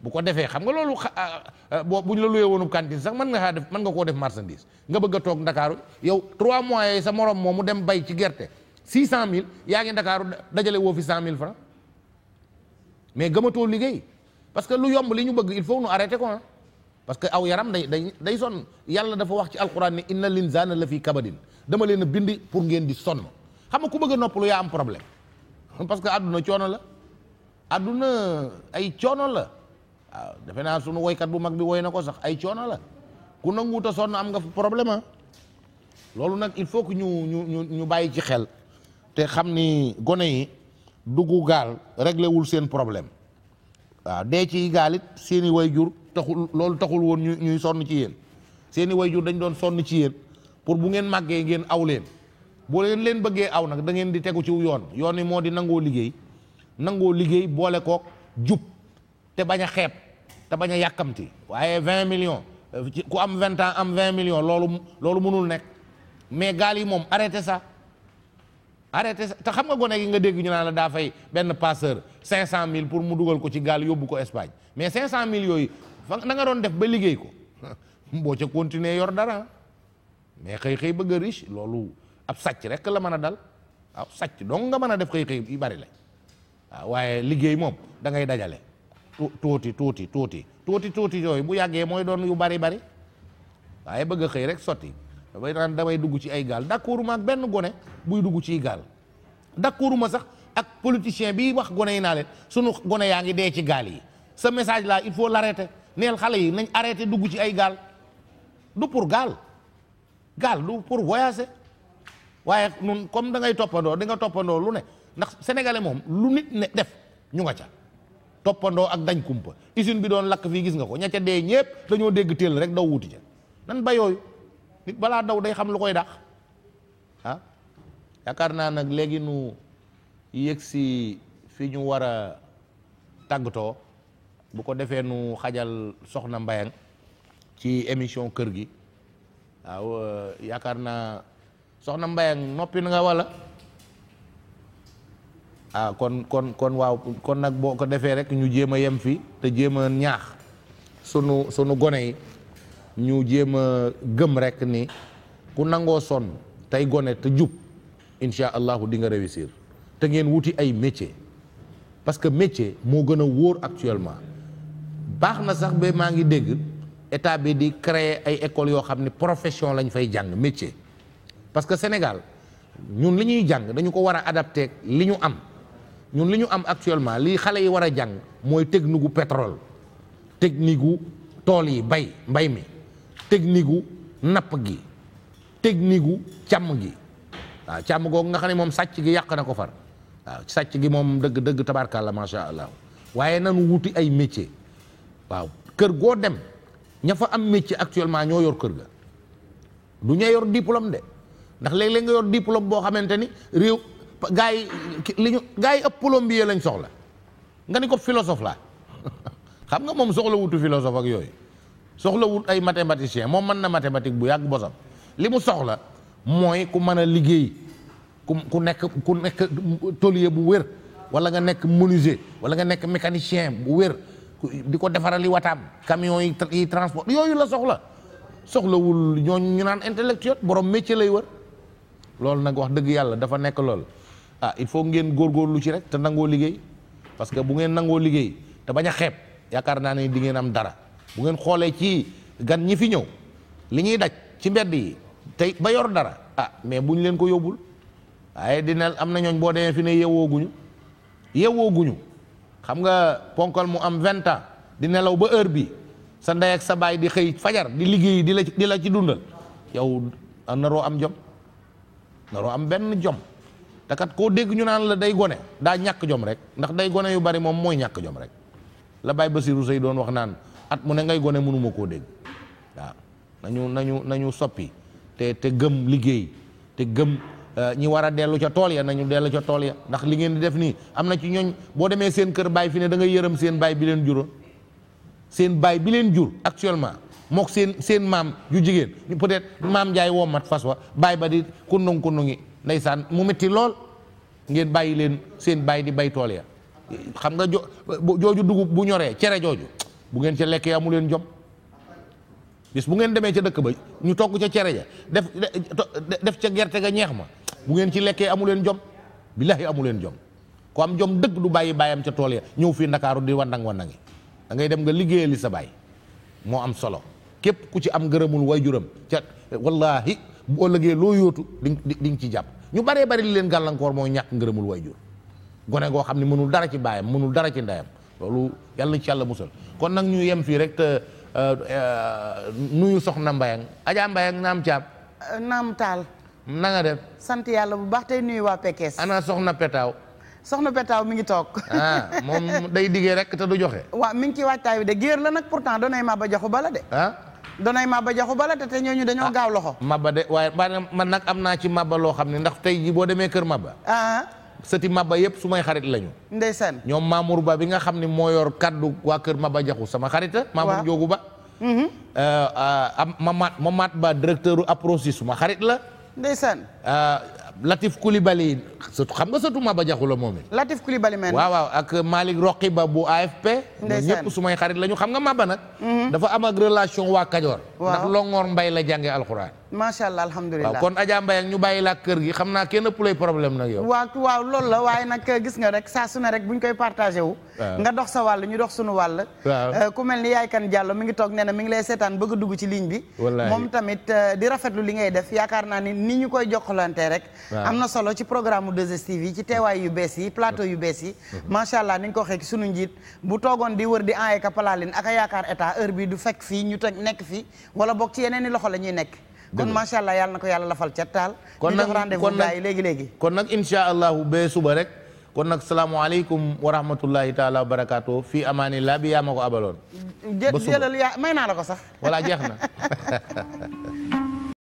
bu ko defee xam nga loolu ah, ah, boo bu ñu la luyee woonu cantine sax man nga xaa def mën nga koo def marchandise nga bëgg a toog ndakaaru yow trois mois yooyu sa morom moomu dem bay ci gerte six cent mille yaa ngi ndakaaru dajale woo fi cent mille francs mais gëmatoo liggéey parce que lu yomb li ñu bëgg il faut nu arrêté ko ah parce que aw yaram day day day sonn yàlla dafa wax ci alquran ne inna linsaana la fii kabadin dama leen a bind pour ngeen di sonn xam nga ku bëgg a noppalu yaa am problème parce que àdduna coono la àdduna ay coono la waaw defe naa sunu woykat bu mag bi woy na ko sax ay coono la ku nanguut a sonn am nga problème ah loolu nag il faut que ñu ñu ñu ñu bàyyi ci xel te xam ni gone yi dugg gaal réglé seen problème waaw dee ci gaalit it seen i way jur taxul loolu taxul woon ñu ñuy sonn ci yéen seeni i way jur dañ doon sonn ci yéen pour bu ngeen màggee ngeen aw leen boo leen leen bëggee aw nag da ngeen di tegu ci yoon yoon yi moo di nangoo liggéey nangoo liggéey boole kook jub te bañ a xeeb te bañ a yàkkamti waaye vingt million euh, ci ku am vingt ans am vingt million loolu loolu mënul nekk mais gaal yi moom arrêté ça arrêté ça te xam nga gone gi nga dégg ñu naa la daa fay benn passeur cinq cent mille pour mu dugal ko ci gaal yóbbu ko Espagne mais cinq cent mille yooyu fa na nga doon def ba liggéey ko boo ca continuer yor dara mais xëy-xëy bëgg a rich loolu ab sàcc rek la mën a dal waaw sacc donc nga mën a def xëy-xëy bari la waaw waaye liggéey moom da ngay dajale tuuti tuuti tuuti tuuti tuuti yooyu bu yàggee mooy doon yu bari bari waaye bëgg a xëy rek sotti damay naan damay dugg ci ay gaal d'accord ma ak benn gone buy dugg ci gaal d'accord ma sax ak politicien bi wax gone yi naa leen sunu gone yaa ngi dee ci gaal yi ce message là il faut l'arrêter neel xale yi nañ arrêté dugg ci ay gaal du pour gaal gaal du pour voyager waaye nun comme da ngay toppandoo di nga toppandoo lu ne ndax sénégalais moom lu nit ne def ñu nga ca toppandoo ak dañ kumpa usine bi doon lakk fii gis nga ko ña dee ñëpp dañoo dégg téel rek daw wuti ca nan ba nit balaa daw day xam lu koy dax ah yaakaar naa nag léegi nu yëg si fi ñu war a tàggatoo bu ko defee nu xajal soxna Mbayang ci émission kër gi waaw euh, yaakaar naa soxna Mbayang noppi na nga wala ah kon kon kon waaw kon nag boo ko defee rek ñu jéem a yem fi te jéem a ñaax sunu sunu gone yi ñu jéem a gëm rek ni ku nangoo sonn tey gone te jub incha allahu di nga réussir te ngeen wuti ay métier parce que métier moo gën a wóor actuellement baax na sax ba maa ngi dégg état bi di créer ay écoles yoo xam ne profession lañ fay jàng métier parce que Sénégal ñun li ñuy jàng dañu ko war a adapté li ñu am. ñun li ñu am actuellement lii xale yi war a jàng mooy technique gu pétrole technique gu tool yi bay mbay mi technique gu napp gi technique gu càmm gi waaw càmm googu nga xam ne moom sàcc gi yàq na ko far waaw sàcc gi moom dëgg dëgg tabaarkàlla macha allah waaye nanu wuti ay métier waaw kër goo dem ña fa am métier actuellement ñoo yor kër ga du ña yor diplôme de ndax léeg-léeg nga yor diplôme boo xamante ni réew. gaa yi li ñu gaa ëpp plombier lañ soxla nga ni ko philosophe la xam nga moom soxla wutu philosophe ak yooyu soxla wut ay mathématicien moom mën na mathématique bu yàgg bosam li mu soxla mooy ku mën a liggéey ku ku nekk ku nekk tôlier bu wér wala nga nekk menuisier wala nga nekk mécanicien bu wér di ko defarali wataam camion yi yi transport yooyu la soxla soxlawul ñoo ñu naan intellectuel borom métier lay wër loolu nag wax dëgg yàlla dafa nekk lool ah il faut ngeen góor góorlu ci rek te nangoo liggéey parce que bu ngeen nangoo liggéey te bañ a xeep yaakaar naa ne di ngeen am dara bu ngeen xoolee ci gan ñi fi ñëw li ñuy daj ci mbedd yi tey ba yor dara ah mais buñ leen ko yóbbul waaye dina am na ñooñ boo demee fi ne yewwooguñu yewwooguñu xam nga ponkal mu am vingt ans di nelaw ba heure bi sa ndey sa baay di xëy fajar di liggéey di la di la ci dundal yow naroo am jom naroo am benn jom te koo dégg ñu naan la day gone daa ñàkk jom rek ndax day gone yu bari moom mooy ñàkk jom rek la baay Baye Bassirou Seye doon wax naan at mu ne ngay gone mënuma koo dégg waaw nañu nañu soppi te te gëm liggéey te gëm euh, ñi war a dellu ca tool ya nañu dellu ca tool ya ndax li ngeen di def nii am na ci ñooñ boo demee seen kër baay fi ne da ngay yërëm seen baay bi leen juróon seen baay bi leen jur actuellement mook seen seen maam ju jigéen peut-être maam Njaay woo mat fas wa baay ba di kundung kundungi ndeysaan mu métti lool ngeen bàyyi leen seen bàyyi di bay tool ya xam nga jo jooju dugub bu ñoree cere jooju bu ngeen ca lekkee amu leen jom bis bu ngeen demee ca dëkk ba ñu togg ca cere def ca gerte ga ñeex ma bu ngeen ci lekkee amu leen jom billahi amu leen jom ku am jom dëgg du bàyyi bàyyam ca tool ya ñëw fii ndakaaru di wandang wandangi da ngay dem nga liggéeyali sa baay moo am solo képp ku ci am ngërëmul waajuram ca wallahi boo ëllëgee loo yóotu di di ci jàpp ñu baree bari li leen gàllankoor mooy ñàkk ngërëmul waajur gone goo xam ne mënul dara ci baayam mënul dara ci ndeyam loolu yàlla ci yàlla musal kon nag ñu yem fii rek te euh, euh, nuyu soxna mbayan Adja Mbayang naam caab euh, naam taal na def sant yàlla bu baax tey nuyu waa Pekes ana soxna petaaw soxna petaaw mi ngi toog ah moom day diggee rek te du joxe waa mi ngi ci waajtaay bi de géer la nag pourtant doonay ma ba joxu bala de ah? donay mabba jaxu bala te te ñooñu dañoo ah, gaaw loxo mabba de waaye man nag am naa ci mabba loo xam ne ndax tey ji boo demee kër mabba ah sëti mabba yëpp su may xarit lañu ndeysaan ñoom Mamour Ba bi nga xam ni moo yor kaddu waa kër mabba jaxu sama xarit xarita Mamour Njoogu Ba mm-hmm. euh, euh, am maat Mamat Ba directeur u APROSI suma xarit la ndeysaan euh, Latif bali sëtu xam nga sëtu Maba Diakhou la moom it. Latif Koulibaly men waaw waaw ak Malick Roqiba bu AFP. ndeysaan sumay xarit la ñu xam nga Maba nag. Mhm. dafa am ak relation waa Kajoor. waaw ndax Longoor Mbay la jàngee alxuraan. macha allah alhamdulilah waaw kon Adja ñu bàyyi la kër gi xam naa kenn ëpp lay problème nag yow. waaw waaw loolu la waaye nag euh, gis nga rek saa su rek bu ñu koy partagé wu. nga dox sa wàll ñu dox suñu wàll. Euh, ku mel ni yaay kan Diallo mi ngi toog nee na mi ngi lay seetaan bëgg dugg ci ligne bi. moom tamit euh, di rafetlu li ngay def yaakaar naa ni ni ñu koy jokkalante rek. am na solo ci programme 2STV yi ci teewaay yu bees yi plateau yu bees yi. Mhm. macha allah ni nga ko waxee ci sunu bu toogoon di wër di eneka palaaline ak yaakaar état heure bi du fekk fii ñu toj nekk fii wala boog ci yeneen i loxo la ñuy nekk kon macha allah yàlla na ko yàlla lafal ca taal. kon nag kon nag léegi léegi. kon nag incha allahu bee suba rek. kon nag salaamualeykum wa rahmatullahi taala wa barakaatu fii amaani laa bi yaa ma ko abaloon. ba jeex na.